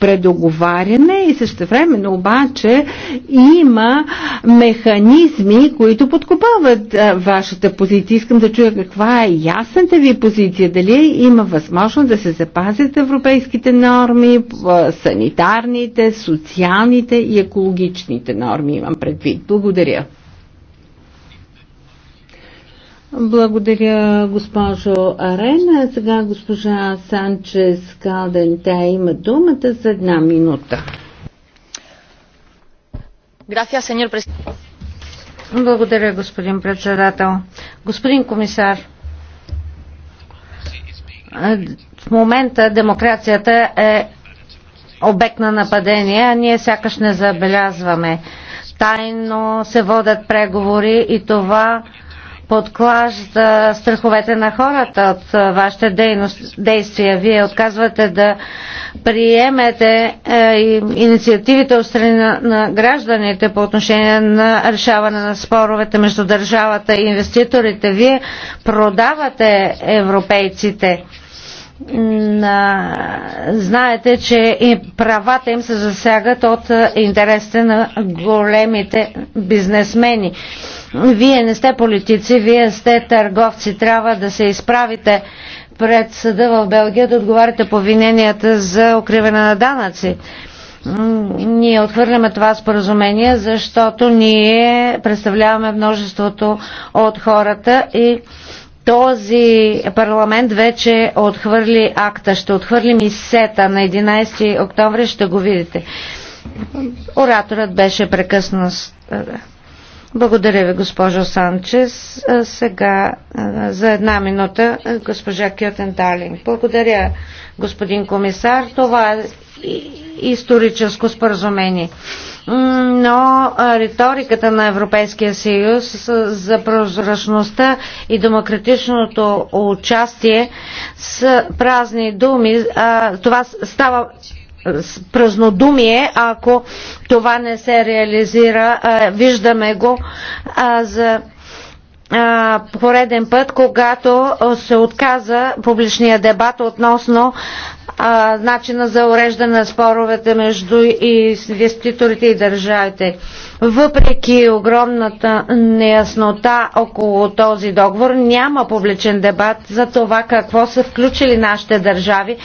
предупреждение договаряне и също времено обаче има механизми, които подкопават вашата позиция. Искам да чуя каква е ясната ви позиция. Дали има възможност да се запазят европейските норми, санитарните, социалните и екологичните норми имам предвид. Благодаря. Благодаря, госпожо Арена. Сега госпожа Санчес Калден, тя има думата за една минута. Благодаря, господин председател. Господин комисар, в момента демокрацията е обект на нападение, а ние сякаш не забелязваме. Тайно се водят преговори и това подклажда страховете на хората от вашите дейност, действия. Вие отказвате да приемете е, инициативите от страна на гражданите по отношение на решаване на споровете между държавата и инвеститорите. Вие продавате европейците на... знаете, че и правата им се засягат от интересите на големите бизнесмени. Вие не сте политици, вие сте търговци. Трябва да се изправите пред съда в Белгия да отговаряте по виненията за укриване на данъци. Ние отхвърляме това споразумение, защото ние представляваме множеството от хората и този парламент вече отхвърли акта. Ще отхвърлим и сета на 11 октомври, ще го видите. Ораторът беше прекъснат. Благодаря ви, госпожо Санчес. Сега за една минута госпожа Кютен Далин. Благодаря, господин комисар. Това е историческо споразумение. Но риториката на Европейския съюз за прозрачността и демократичното участие с празни думи, това става празнодумие, ако това не се реализира. Виждаме го за пореден път, когато се отказа публичния дебат относно начина за уреждане на споровете между инвеститорите и държавите. Въпреки огромната неяснота около този договор, няма публичен дебат за това какво са включили нашите държави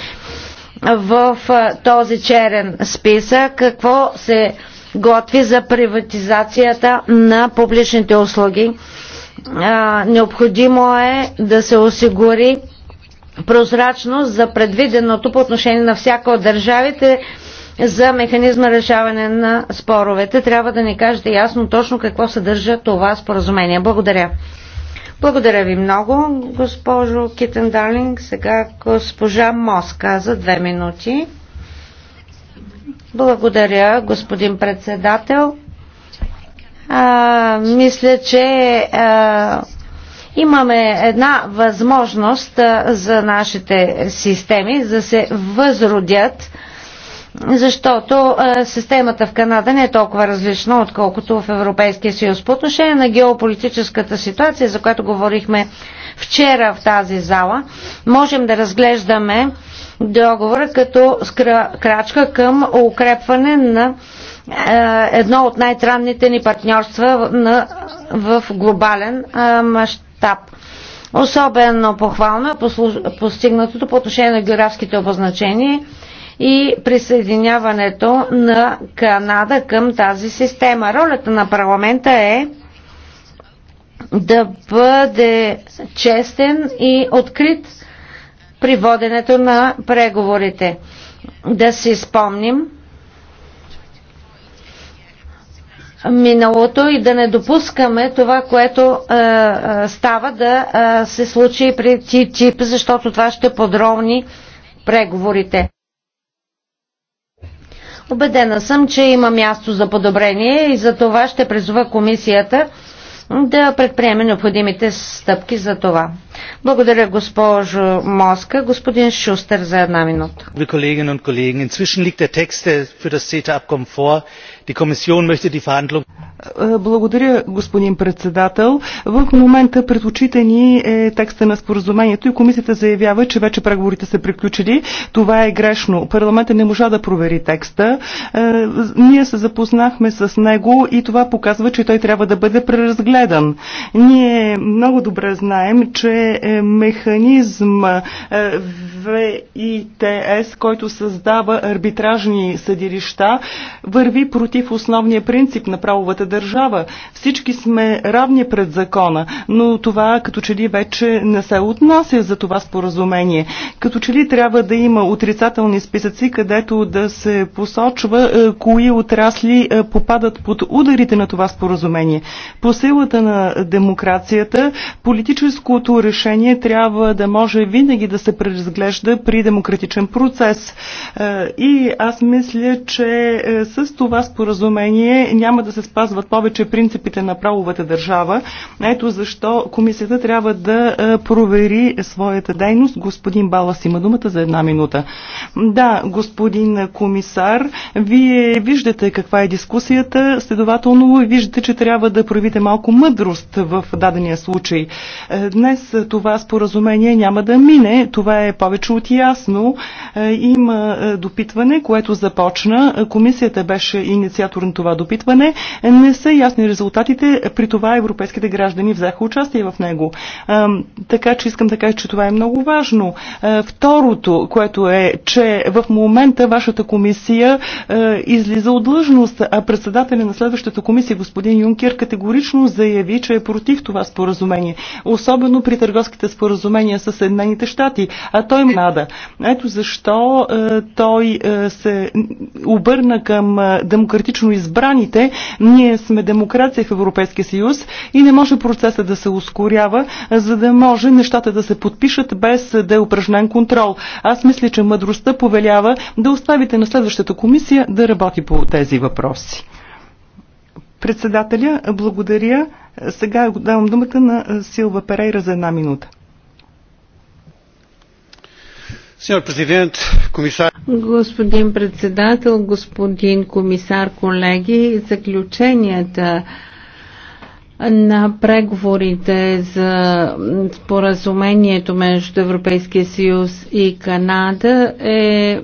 в този черен списък, какво се готви за приватизацията на публичните услуги. Необходимо е да се осигури прозрачност за предвиденото по отношение на всяка от държавите за механизма решаване на споровете. Трябва да ни кажете ясно точно какво съдържа това споразумение. Благодаря. Благодаря ви много, госпожо Китен Дарлинг. Сега госпожа Моска за две минути. Благодаря, господин председател. А, мисля, че а, имаме една възможност а, за нашите системи да се възродят защото системата в Канада не е толкова различна, отколкото в Европейския съюз. По отношение на геополитическата ситуация, за която говорихме вчера в тази зала, можем да разглеждаме договора като крачка към укрепване на едно от най-транните ни партньорства в глобален мащаб. Особено похвално е постигнатото по отношение на географските обозначения и присъединяването на Канада към тази система. Ролята на парламента е да бъде честен и открит при воденето на преговорите. Да си спомним миналото и да не допускаме това, което е, е, става да е, се случи при ТИТИП, защото това ще подробни преговорите. Обедена съм, че има място за подобрение и за това ще призова комисията да предприеме необходимите стъпки за това. Благодаря госпожо Моска. Господин Шустер за една минута. Die Kommission möchte die е, Благодаря, господин председател. В момента пред очите ни е текста на споразумението и комисията заявява, че вече преговорите са приключили. Това е грешно. Парламентът не можа да провери текста. Е, ние се запознахме с него и това показва, че той трябва да бъде преразгледан. Ние много добре знаем, че е, механизм ВИТС, който създава арбитражни съдилища, върви против против основния принцип на правовата държава. Всички сме равни пред закона, но това като че ли вече не се отнася за това споразумение. Като че ли трябва да има отрицателни списъци, където да се посочва е, кои отрасли е, попадат под ударите на това споразумение. По силата на демокрацията, политическото решение трябва да може винаги да се преразглежда при демократичен процес. Е, и аз мисля, че с това споразумение споразумение няма да се спазват повече принципите на правовата държава. Ето защо комисията трябва да е, провери своята дейност. Господин Балас има думата за една минута. Да, господин комисар, вие виждате каква е дискусията, следователно виждате, че трябва да проявите малко мъдрост в дадения случай. Е, днес това споразумение няма да мине, това е повече от ясно. Е, има допитване, което започна. Комисията беше инициативна инициатор на това допитване. Не са ясни резултатите, при това европейските граждани взеха участие в него. Така че искам да кажа, че това е много важно. Второто, което е, че в момента вашата комисия излиза от длъжност, а председателя на следващата комисия, господин Юнкер, категорично заяви, че е против това споразумение. Особено при търговските споразумения с Съединените щати. А той е млада. Ето защо той се обърна към демократичната демократично избраните. Ние сме демокрация в Европейския съюз и не може процеса да се ускорява, за да може нещата да се подпишат без да е упражнен контрол. Аз мисля, че мъдростта повелява да оставите на следващата комисия да работи по тези въпроси. Председателя, благодаря. Сега давам думата на Силва Перейра за една минута. Господин председател, господин комисар, колеги, заключенията на преговорите за споразумението между Европейския съюз и Канада е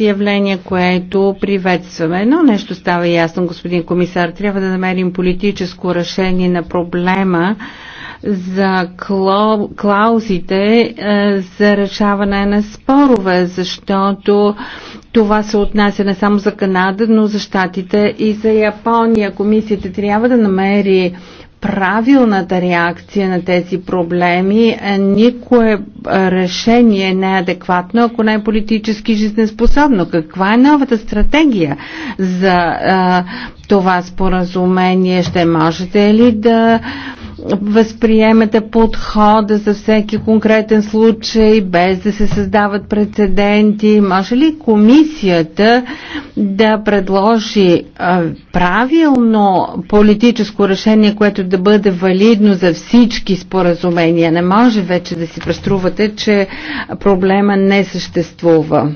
явление, което приветстваме. Но нещо става ясно, господин комисар. Трябва да намерим политическо решение на проблема за клаузите е, за решаване на спорове, защото това се отнася не само за Канада, но за Штатите и за Япония. Комисията трябва да намери правилната реакция на тези проблеми, е, никое е, решение не е адекватно, ако не е политически жизнеспособно. Каква е новата стратегия за а, това споразумение? Ще можете ли да възприемете подхода за всеки конкретен случай, без да се създават прецеденти? Може ли комисията да предложи правилно политическо решение, което да бъде валидно за всички споразумения? Не може вече да си преструвате, че проблема не съществува.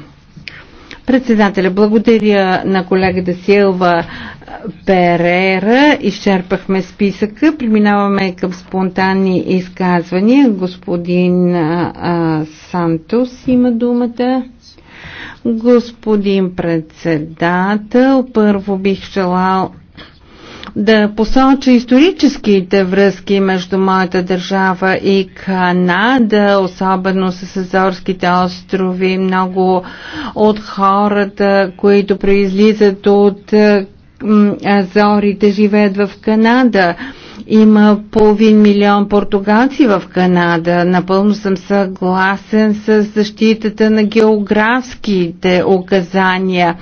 Председателя, благодаря на колегата Силва Перера. Изчерпахме списъка. Преминаваме към спонтанни изказвания. Господин а, Сантос има думата. Господин председател, първо бих желал да посоча историческите връзки между моята държава и Канада, особено с Азорските острови. Много от хората, които произлизат от Азорите живеят в Канада. Има половин милион португалци в Канада. Напълно съм съгласен с защитата на географските указания.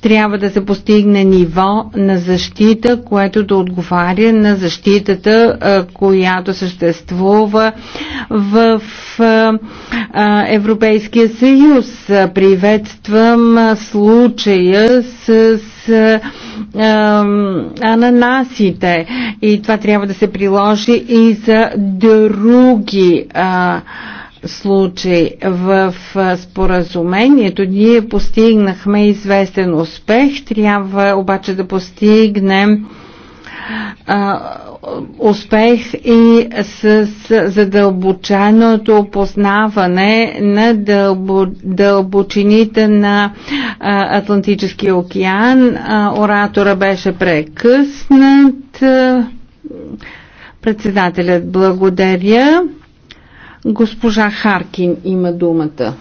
Трябва да се постигне ниво на защита, което да отговаря на защитата, която съществува в Европейския съюз. Приветствам случая с ананасите. И това трябва да се приложи и за други е, случай в споразумението ние постигнахме известен успех, трябва обаче да постигнем успех и с задълбоченото познаване на дълбо, дълбочините на Атлантическия океан. Оратора беше прекъснат. Председателят благодаря. Госпожа Харкин има думата.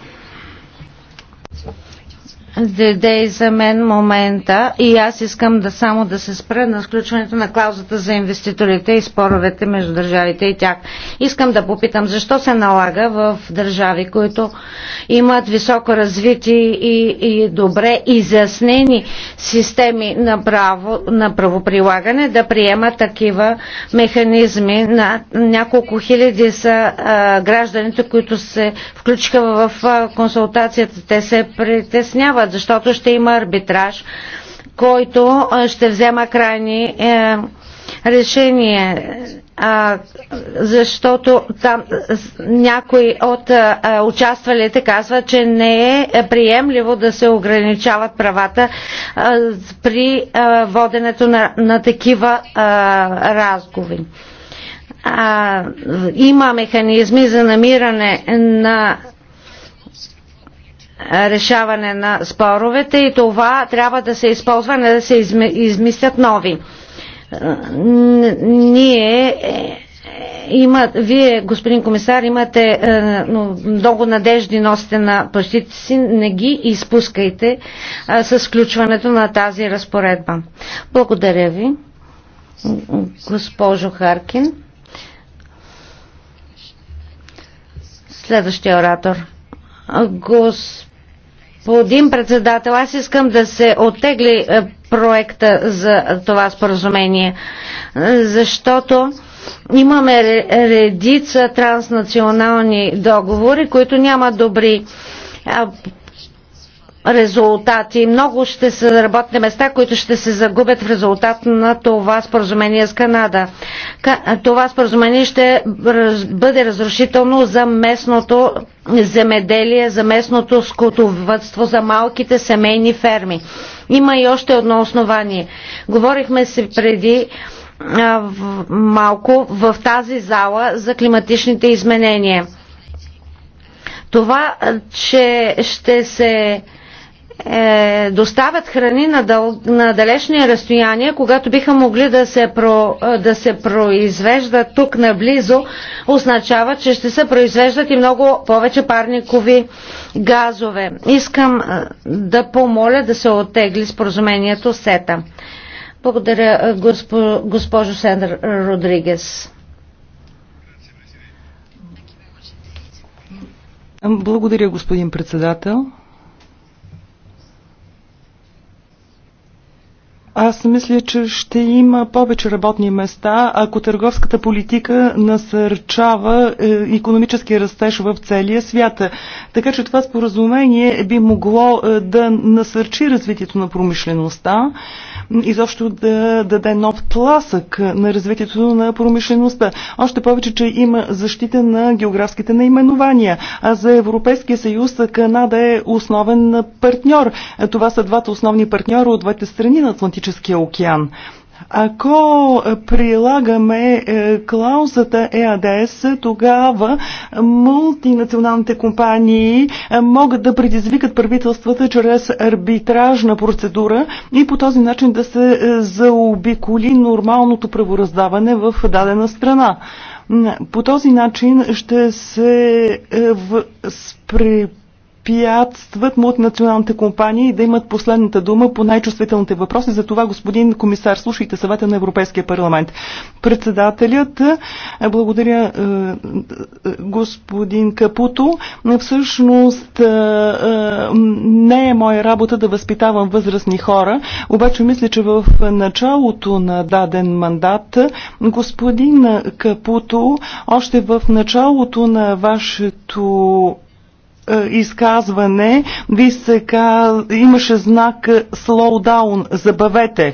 Деде и за мен момента и аз искам да само да се спра на сключването на клаузата за инвеститорите и споровете между държавите и тях. Искам да попитам защо се налага в държави, които имат високо развити и, и добре изяснени системи на, право, на правоприлагане да приемат такива механизми. На няколко хиляди са а, гражданите, които се включиха в а, консултацията. Те се притесняват решават, защото ще има арбитраж, който ще взема крайни е, решения а, защото там някои от а, участвалите казват, че не е приемливо да се ограничават правата а, при а, воденето на, на такива а, разговори. А, има механизми за намиране на решаване на споровете и това трябва да се използва, не да се измислят нови. Ние е, има, вие, господин комисар, имате е, много надежди носите на пащите си, не ги изпускайте е, с включването на тази разпоредба. Благодаря ви, госпожо Харкин. Следващия оратор. Господин Господин председател, аз искам да се оттегли е, проекта за това споразумение, е, защото имаме редица транснационални договори, които няма добри резултати. Много ще са работни места, които ще се загубят в резултат на това споразумение с Канада. Това споразумение ще бъде разрушително за местното земеделие, за местното скотовътство, за малките семейни ферми. Има и още едно основание. Говорихме се преди а, в, малко в тази зала за климатичните изменения. Това, че ще се е, доставят храни на, дъл, на далечни разстояния, когато биха могли да се, про, е, да се произвеждат тук наблизо, означава, че ще се произвеждат и много повече парникови газове. Искам е, да помоля да се оттегли споразумението СЕТА. Благодаря, е, госпо, госпожо Сендър Родригес. Благодаря, господин председател. Аз мисля, че ще има повече работни места, ако търговската политика насърчава економически растеж в целия свят. Така че това споразумение би могло е, да насърчи развитието на промишлеността изобщо да даде нов тласък на развитието на промишлеността. Още повече, че има защита на географските наименования. А за Европейския съюз Канада е основен партньор. Това са двата основни партньора от двете страни на Атлантическия океан. Ако е, прилагаме е, клаузата ЕАДС, тогава мултинационалните компании е, могат да предизвикат правителствата чрез арбитражна процедура и по този начин да се заобиколи нормалното правораздаване в дадена страна. По този начин ще се спре от мултинационалните компании да имат последната дума по най-чувствителните въпроси. За това, господин комисар, слушайте съвета на Европейския парламент. Председателят, е, благодаря е, е, господин Капуто, всъщност не е моя работа да възпитавам възрастни хора, обаче мисля, че в началото на даден мандат господин Капуто още в началото на вашето е, изказване ви се ка... имаше знак е, слоудаун, забавете.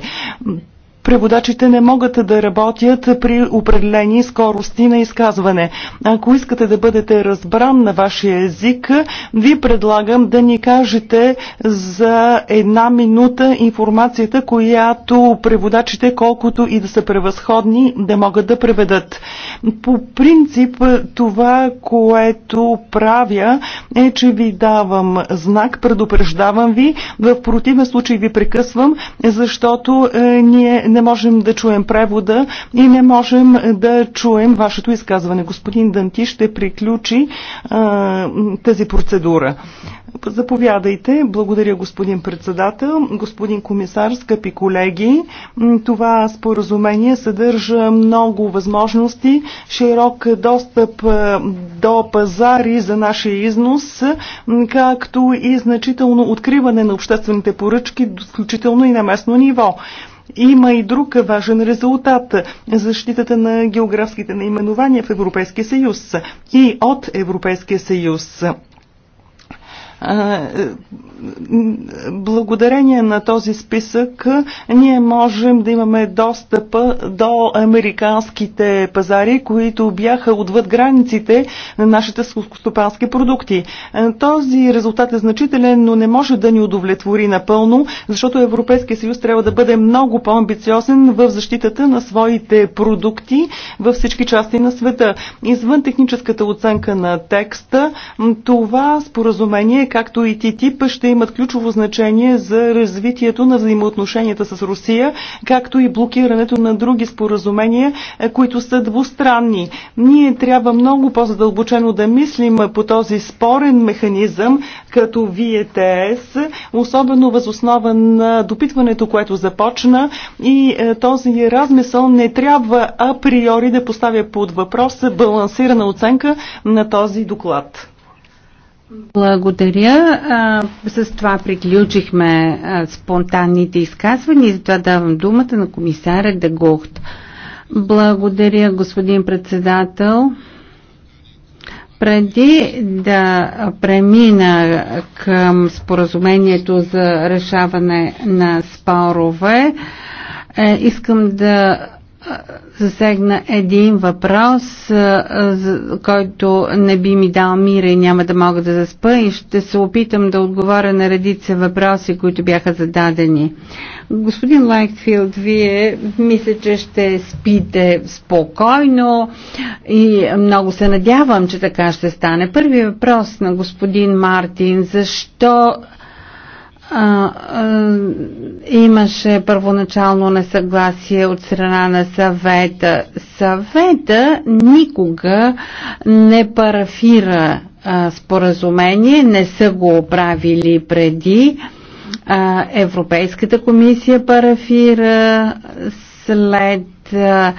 Преводачите не могат да работят при определени скорости на изказване. Ако искате да бъдете разбран на вашия език, ви предлагам да ни кажете за една минута информацията, която преводачите, колкото и да са превъзходни, да могат да преведат. По принцип, това, което правя, е, че ви давам знак, предупреждавам ви, в противен случай ви прекъсвам, защото е, ние не можем да чуем превода и не можем да чуем вашето изказване. Господин Данти ще приключи а, тази процедура. Заповядайте. Благодаря, господин председател, господин комисар, скъпи колеги. Това споразумение съдържа много възможности, широк достъп до пазари за нашия износ, както и значително откриване на обществените поръчки, включително и на местно ниво. Има и друг важен резултат – защитата на географските наименования в Европейския съюз и от Европейския съюз благодарение на този списък ние можем да имаме достъпа до американските пазари, които бяха отвъд границите на нашите скостопански продукти. Този резултат е значителен, но не може да ни удовлетвори напълно, защото Европейския съюз трябва да бъде много по-амбициозен в защитата на своите продукти във всички части на света. Извън техническата оценка на текста, това споразумение е както и ТТИП, ще имат ключово значение за развитието на взаимоотношенията с Русия, както и блокирането на други споразумения, е, които са двустранни. Ние трябва много по-задълбочено да мислим по този спорен механизъм, като ВИЕТС, особено възоснова на допитването, което започна и е, този размисъл не трябва априори да поставя под въпрос балансирана оценка на този доклад. Благодаря. А, с това приключихме а, спонтанните изказвания и затова давам думата на комисаря Дегухт. Благодаря, господин председател. Преди да премина към споразумението за решаване на спорове, е, искам да засегна един въпрос, който не би ми дал мира и няма да мога да заспа и ще се опитам да отговоря на редица въпроси, които бяха зададени. Господин Лайкфилд, вие мисля, че ще спите спокойно и много се надявам, че така ще стане. Първият въпрос на господин Мартин, защо а, а, имаше първоначално несъгласие от страна на съвета. Съвета никога не парафира а, споразумение, не са го правили преди. А, Европейската комисия парафира след а,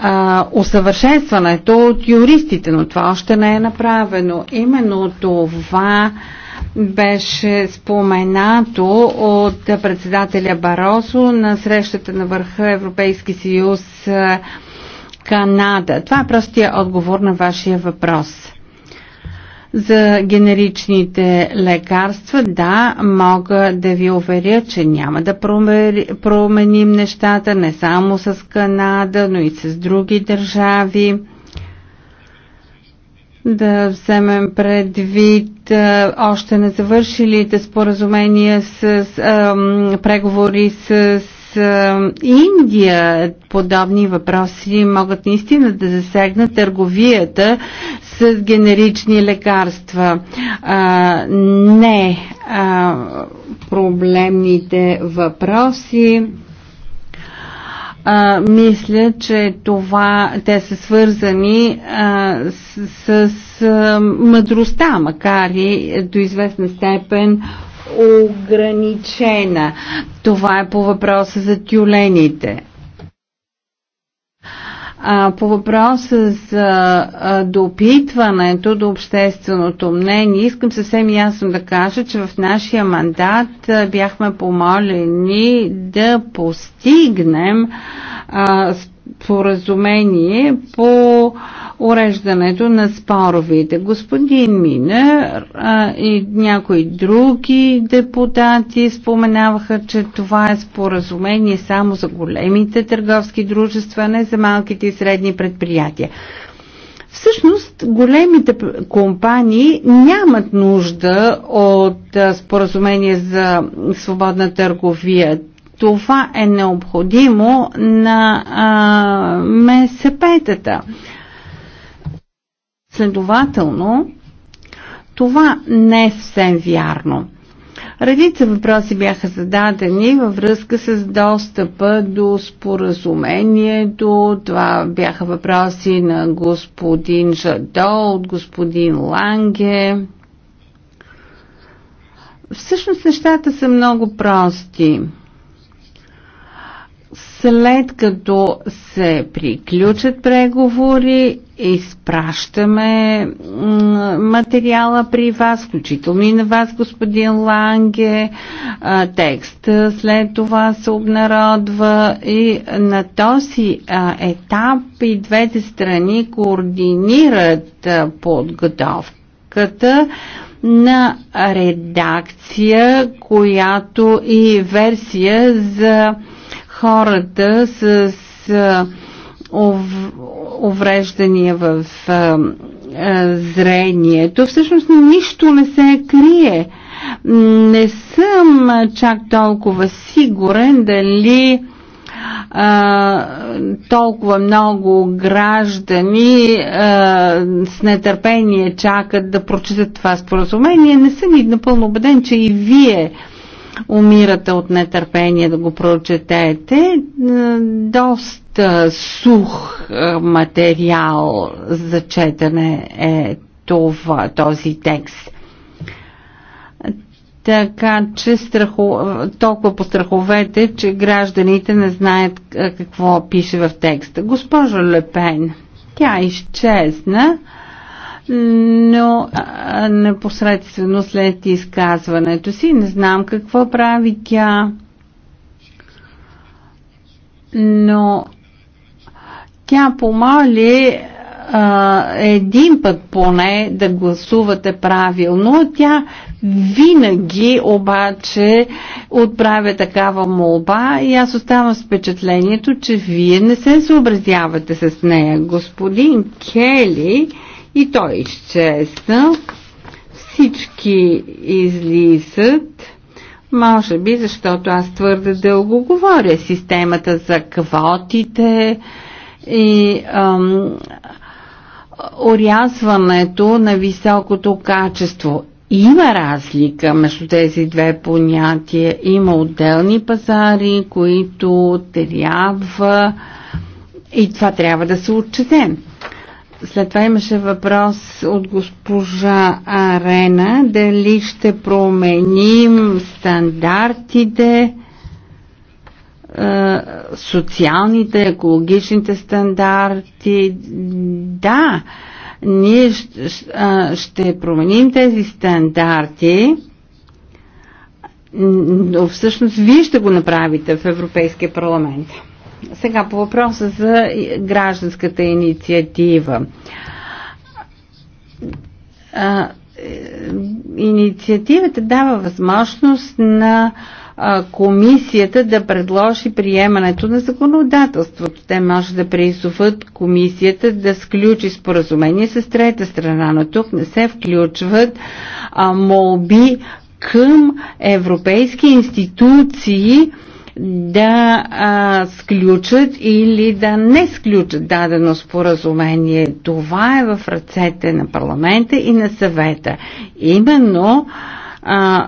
а, усъвършенстването от юристите, но това още не е направено. Именно това беше споменато от председателя Баросо на срещата на върха Европейски съюз е, Канада. Това е простия отговор на вашия въпрос. За генеричните лекарства, да, мога да ви уверя, че няма да променим нещата не само с Канада, но и с други държави. Да вземем предвид е, още не завършилите споразумения с ам, преговори с Индия подобни въпроси могат наистина да засегнат търговията с генерични лекарства. А, не а, проблемните въпроси. А, мисля, че това те са свързани а, с, с мъдростта, макар и до известна степен ограничена. Това е по въпроса за тюлените. А, по въпроса за а, допитването до общественото мнение, искам съвсем ясно да кажа, че в нашия мандат а, бяхме помолени да постигнем а, споразумение по уреждането на споровите. Господин Минер а, и някои други депутати споменаваха, че това е споразумение само за големите търговски дружества, не за малките и средни предприятия. Всъщност, големите компании нямат нужда от споразумение за свободна търговия това е необходимо на МСП-тата. Следователно, това не е съвсем вярно. Редица въпроси бяха зададени във връзка с достъпа до споразумението. Това бяха въпроси на господин Жадо, от господин Ланге. Всъщност нещата са много прости. След като се приключат преговори, изпращаме материала при вас, включително и на вас, господин Ланге. Текст след това се обнародва и на този етап и двете страни координират подготовката на редакция, която и версия за хората с увреждания в зрението. Всъщност нищо не се крие. Не съм чак толкова сигурен дали а, толкова много граждани а, с нетърпение чакат да прочитат това споразумение. Не съм и напълно убеден, че и вие умирате от нетърпение да го прочетете. Доста сух е, материал за четене е това, този текст. Така че страху... толкова по страховете, че гражданите не знаят е, какво пише в текста. Госпожо Лепен, тя изчезна но а, непосредствено след изказването си. Не знам какво прави тя, но тя помоли а, един път поне да гласувате правилно. Тя винаги обаче отправя такава молба и аз оставам с впечатлението, че вие не се съобразявате с нея. Господин Кели, и той изчезна. Всички излизат, може би защото аз твърде дълго говоря, системата за квотите и ам, орязването на високото качество. Има разлика между тези две понятия. Има отделни пазари, които трябва и това трябва да се отчетем. След това имаше въпрос от госпожа Арена. Дали ще променим стандартите, е, социалните, екологичните стандарти? Да, ние ще променим тези стандарти но всъщност вие ще го направите в Европейския парламент. Сега по въпроса за гражданската инициатива. А, е, инициативата дава възможност на комисията да предложи приемането на законодателството. Те може да призоват комисията да сключи споразумение с трета страна, но тук не се включват а, молби към европейски институции, да а, сключат или да не сключат дадено споразумение. Това е в ръцете на парламента и на съвета. Именно а,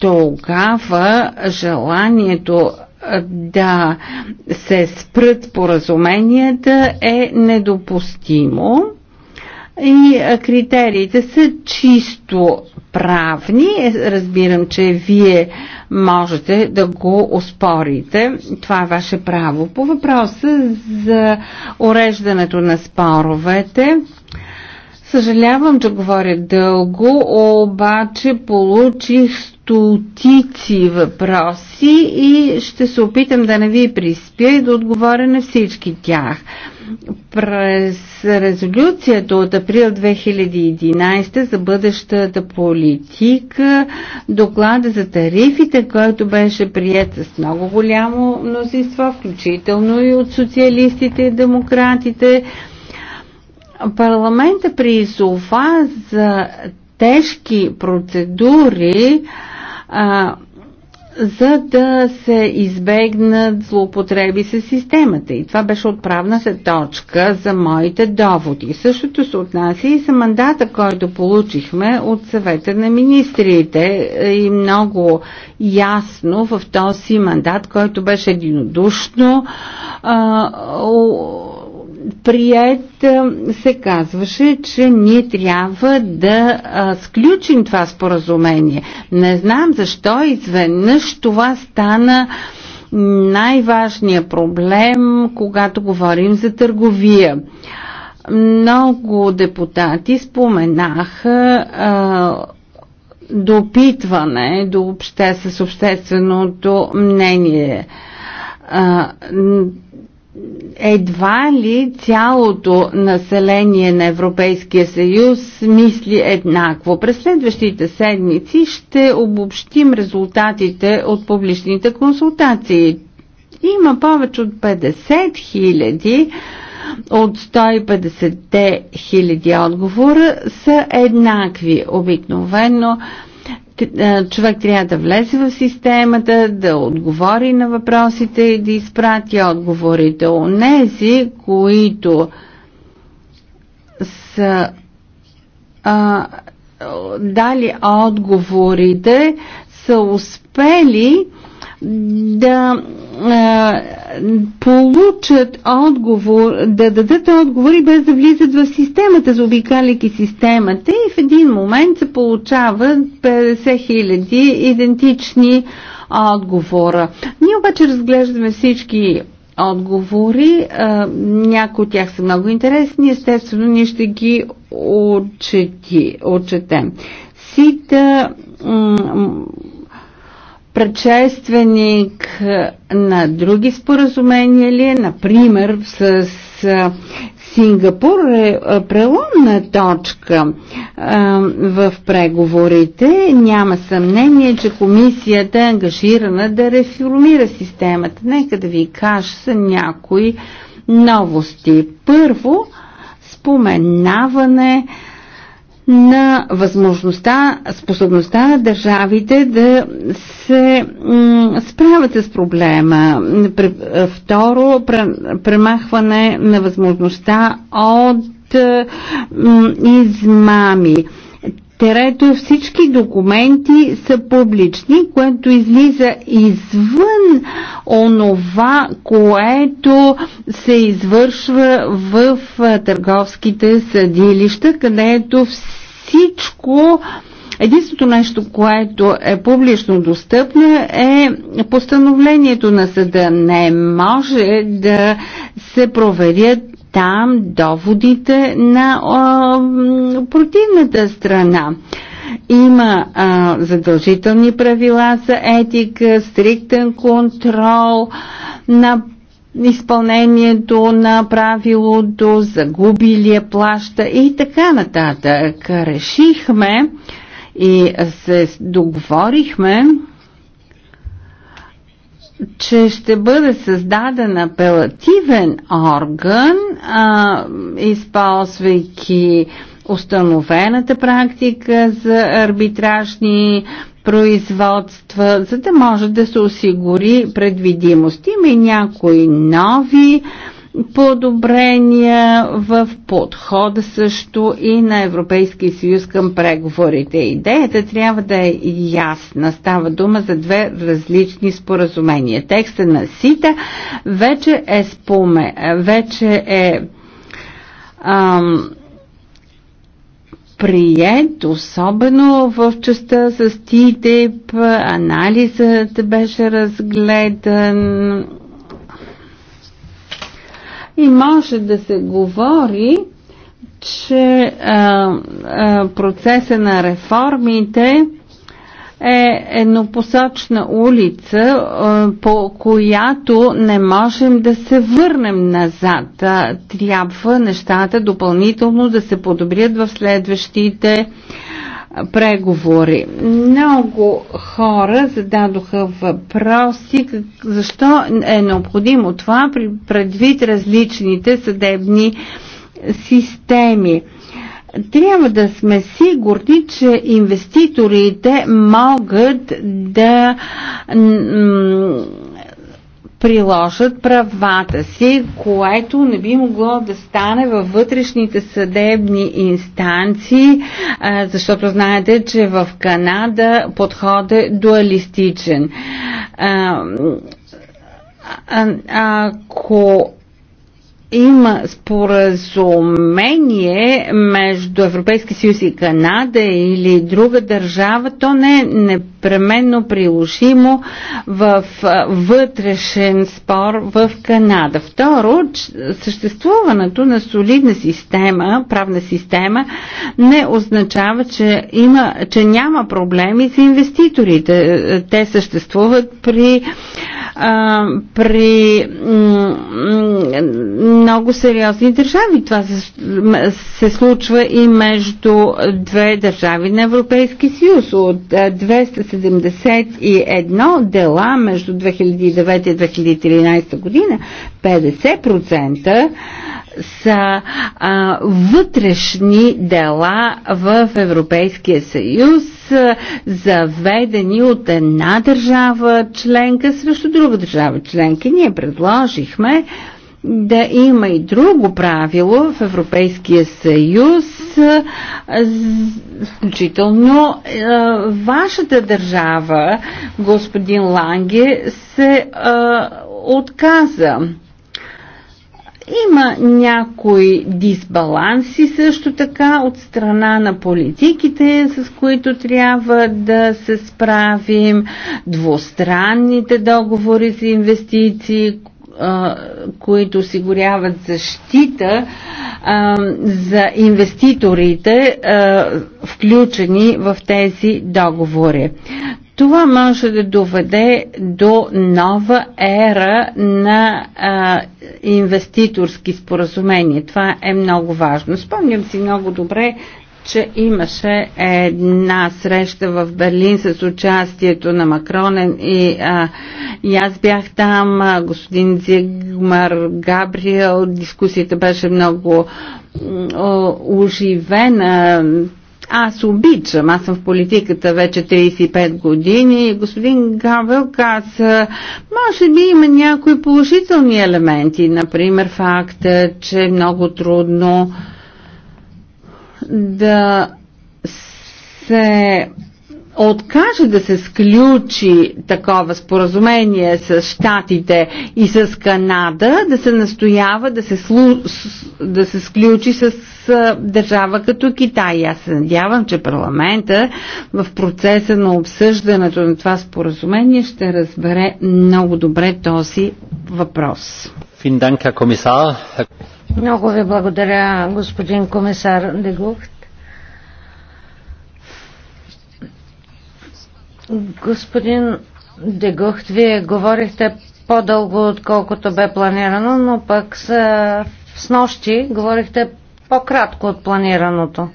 тогава желанието да се спрат поразуменията е недопустимо и критериите са чисто правни. Е, разбирам, че вие можете да го оспорите. Това е ваше право. По въпроса за уреждането на споровете, Съжалявам, че говоря дълго, обаче получих стотици въпроси и ще се опитам да не ви приспя и да отговоря на всички тях. През резолюцията от април 2011 за бъдещата политика, доклада за тарифите, който беше прият с много голямо мнозинство, включително и от социалистите и демократите, парламента призова за тежки процедури а, за да се избегнат злоупотреби с системата. И това беше отправната точка за моите доводи. Същото се отнася и за мандата, който получихме от съвета на министрите. И много ясно в този мандат, който беше единодушно а, прият се казваше, че ние трябва да а, сключим това споразумение. Не знам защо изведнъж това стана най-важният проблем, когато говорим за търговия. Много депутати споменаха а, допитване до обще с общественото мнение. А, едва ли цялото население на Европейския съюз мисли еднакво. През следващите седмици ще обобщим резултатите от публичните консултации. Има повече от 50 хиляди от 150 хиляди отговора са еднакви. Обикновено човек трябва да влезе в системата, да отговори на въпросите и да изпрати отговорите. Онези, които са а, дали отговорите, са успели да а, получат отговор, да дадат отговори без да влизат в системата, заобикаляйки системата и в един момент се получават 50 000 идентични отговора. Ние обаче разглеждаме всички отговори. Някои от тях са много интересни. Естествено, ние ще ги отчетем. Сита предшественик на други споразумения ли е, например с Сингапур е преломна точка в преговорите. Няма съмнение, че комисията е ангажирана да реформира системата. Нека да ви кажа са някои новости. Първо, споменаване на възможността, способността на държавите да се справят с проблема. Второ, премахване на възможността от измами терето всички документи са публични, което излиза извън онова, което се извършва в търговските съдилища, където всичко Единственото нещо, което е публично достъпно е постановлението на съда. Не може да се проверят там доводите на а, противната страна. Има а, задължителни правила за етика, стриктен контрол на изпълнението на правилото, е плаща и така нататък. Решихме и се договорихме че ще бъде създаден апелативен орган, а, използвайки установената практика за арбитражни производства, за да може да се осигури предвидимост. Има и някои нови а, подобрения в подхода също и на Европейския съюз към преговорите. Идеята трябва да е ясна. Става дума за две различни споразумения. Текста на СИТА вече е споме, вече е ам, прият, особено в частта с ТИТИП, анализът беше разгледан и може да се говори, че а, а, процеса на реформите е еднопосочна улица, по която не можем да се върнем назад. Трябва нещата допълнително да се подобрят в следващите преговори. Много хора зададоха въпроси защо е необходимо това предвид различните съдебни системи. Трябва да сме сигурни, че инвеститорите могат да приложат правата си, което не би могло да стане във вътрешните съдебни инстанции, защото знаете, че в Канада подход е дуалистичен. Ако има споразумение между Европейски съюз и Канада или друга държава, то не е непременно приложимо в вътрешен спор в Канада. Второ, съществуването на солидна система, правна система, не означава, че, има, че няма проблеми за инвеститорите. Те съществуват при, а, при много сериозни държави. Това се, се случва и между две държави на Европейски съюз. От 271 е, дела между 2009 и 2013 година 50% са а, вътрешни дела в Европейския съюз, е, заведени от една държава членка срещу друга държава членка. Ние предложихме да има и друго правило в Европейския съюз, включително вашата държава, господин Ланге, се отказа. Има някои дисбаланси също така от страна на политиките, с които трябва да се справим, двустранните договори за инвестиции, които осигуряват защита за инвеститорите, включени в тези договори. Това може да доведе до нова ера на а, инвеститорски споразумения. Това е много важно. Спомням си много добре че имаше една среща в Берлин с участието на Макронен и, а, и аз бях там, а, господин Зигмар Габриел, дискусията беше много о, оживена. Аз обичам, аз съм в политиката вече 35 години. Господин Гавел каза, може би има някои положителни елементи, например факта, че е много трудно да се откаже да се сключи такова споразумение с Штатите и с Канада, да се настоява да се, слу... да се сключи с държава като Китай. аз се надявам, че парламента в процеса на обсъждането на това споразумение ще разбере много добре този въпрос. Финданка комисар. Много ви благодаря, господин комисар Дегухт. Господин Дегухт, вие говорихте по-дълго, отколкото бе планирано, но пък с, с нощи говорихте по-кратко от планираното.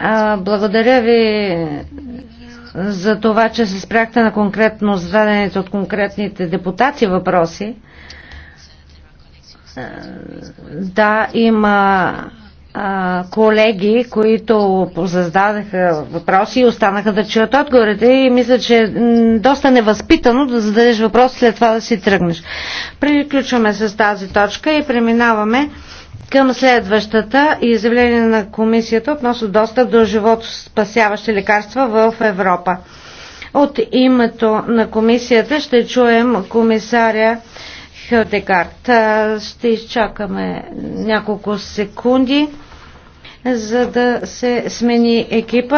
А, благодаря ви за това, че се спряхте на конкретно зададените от конкретните депутати въпроси. Е, да, има колеги, които зададаха въпроси и останаха да чуят отговорите и мисля, че е доста невъзпитано да зададеш въпрос след това да си тръгнеш. Приключваме с тази точка и преминаваме към следващата изявление на комисията относно достъп до живото спасяващи лекарства в Европа. От името на комисията ще чуем комисаря Хилдегард. Ще изчакаме няколко секунди, за да се смени екипа.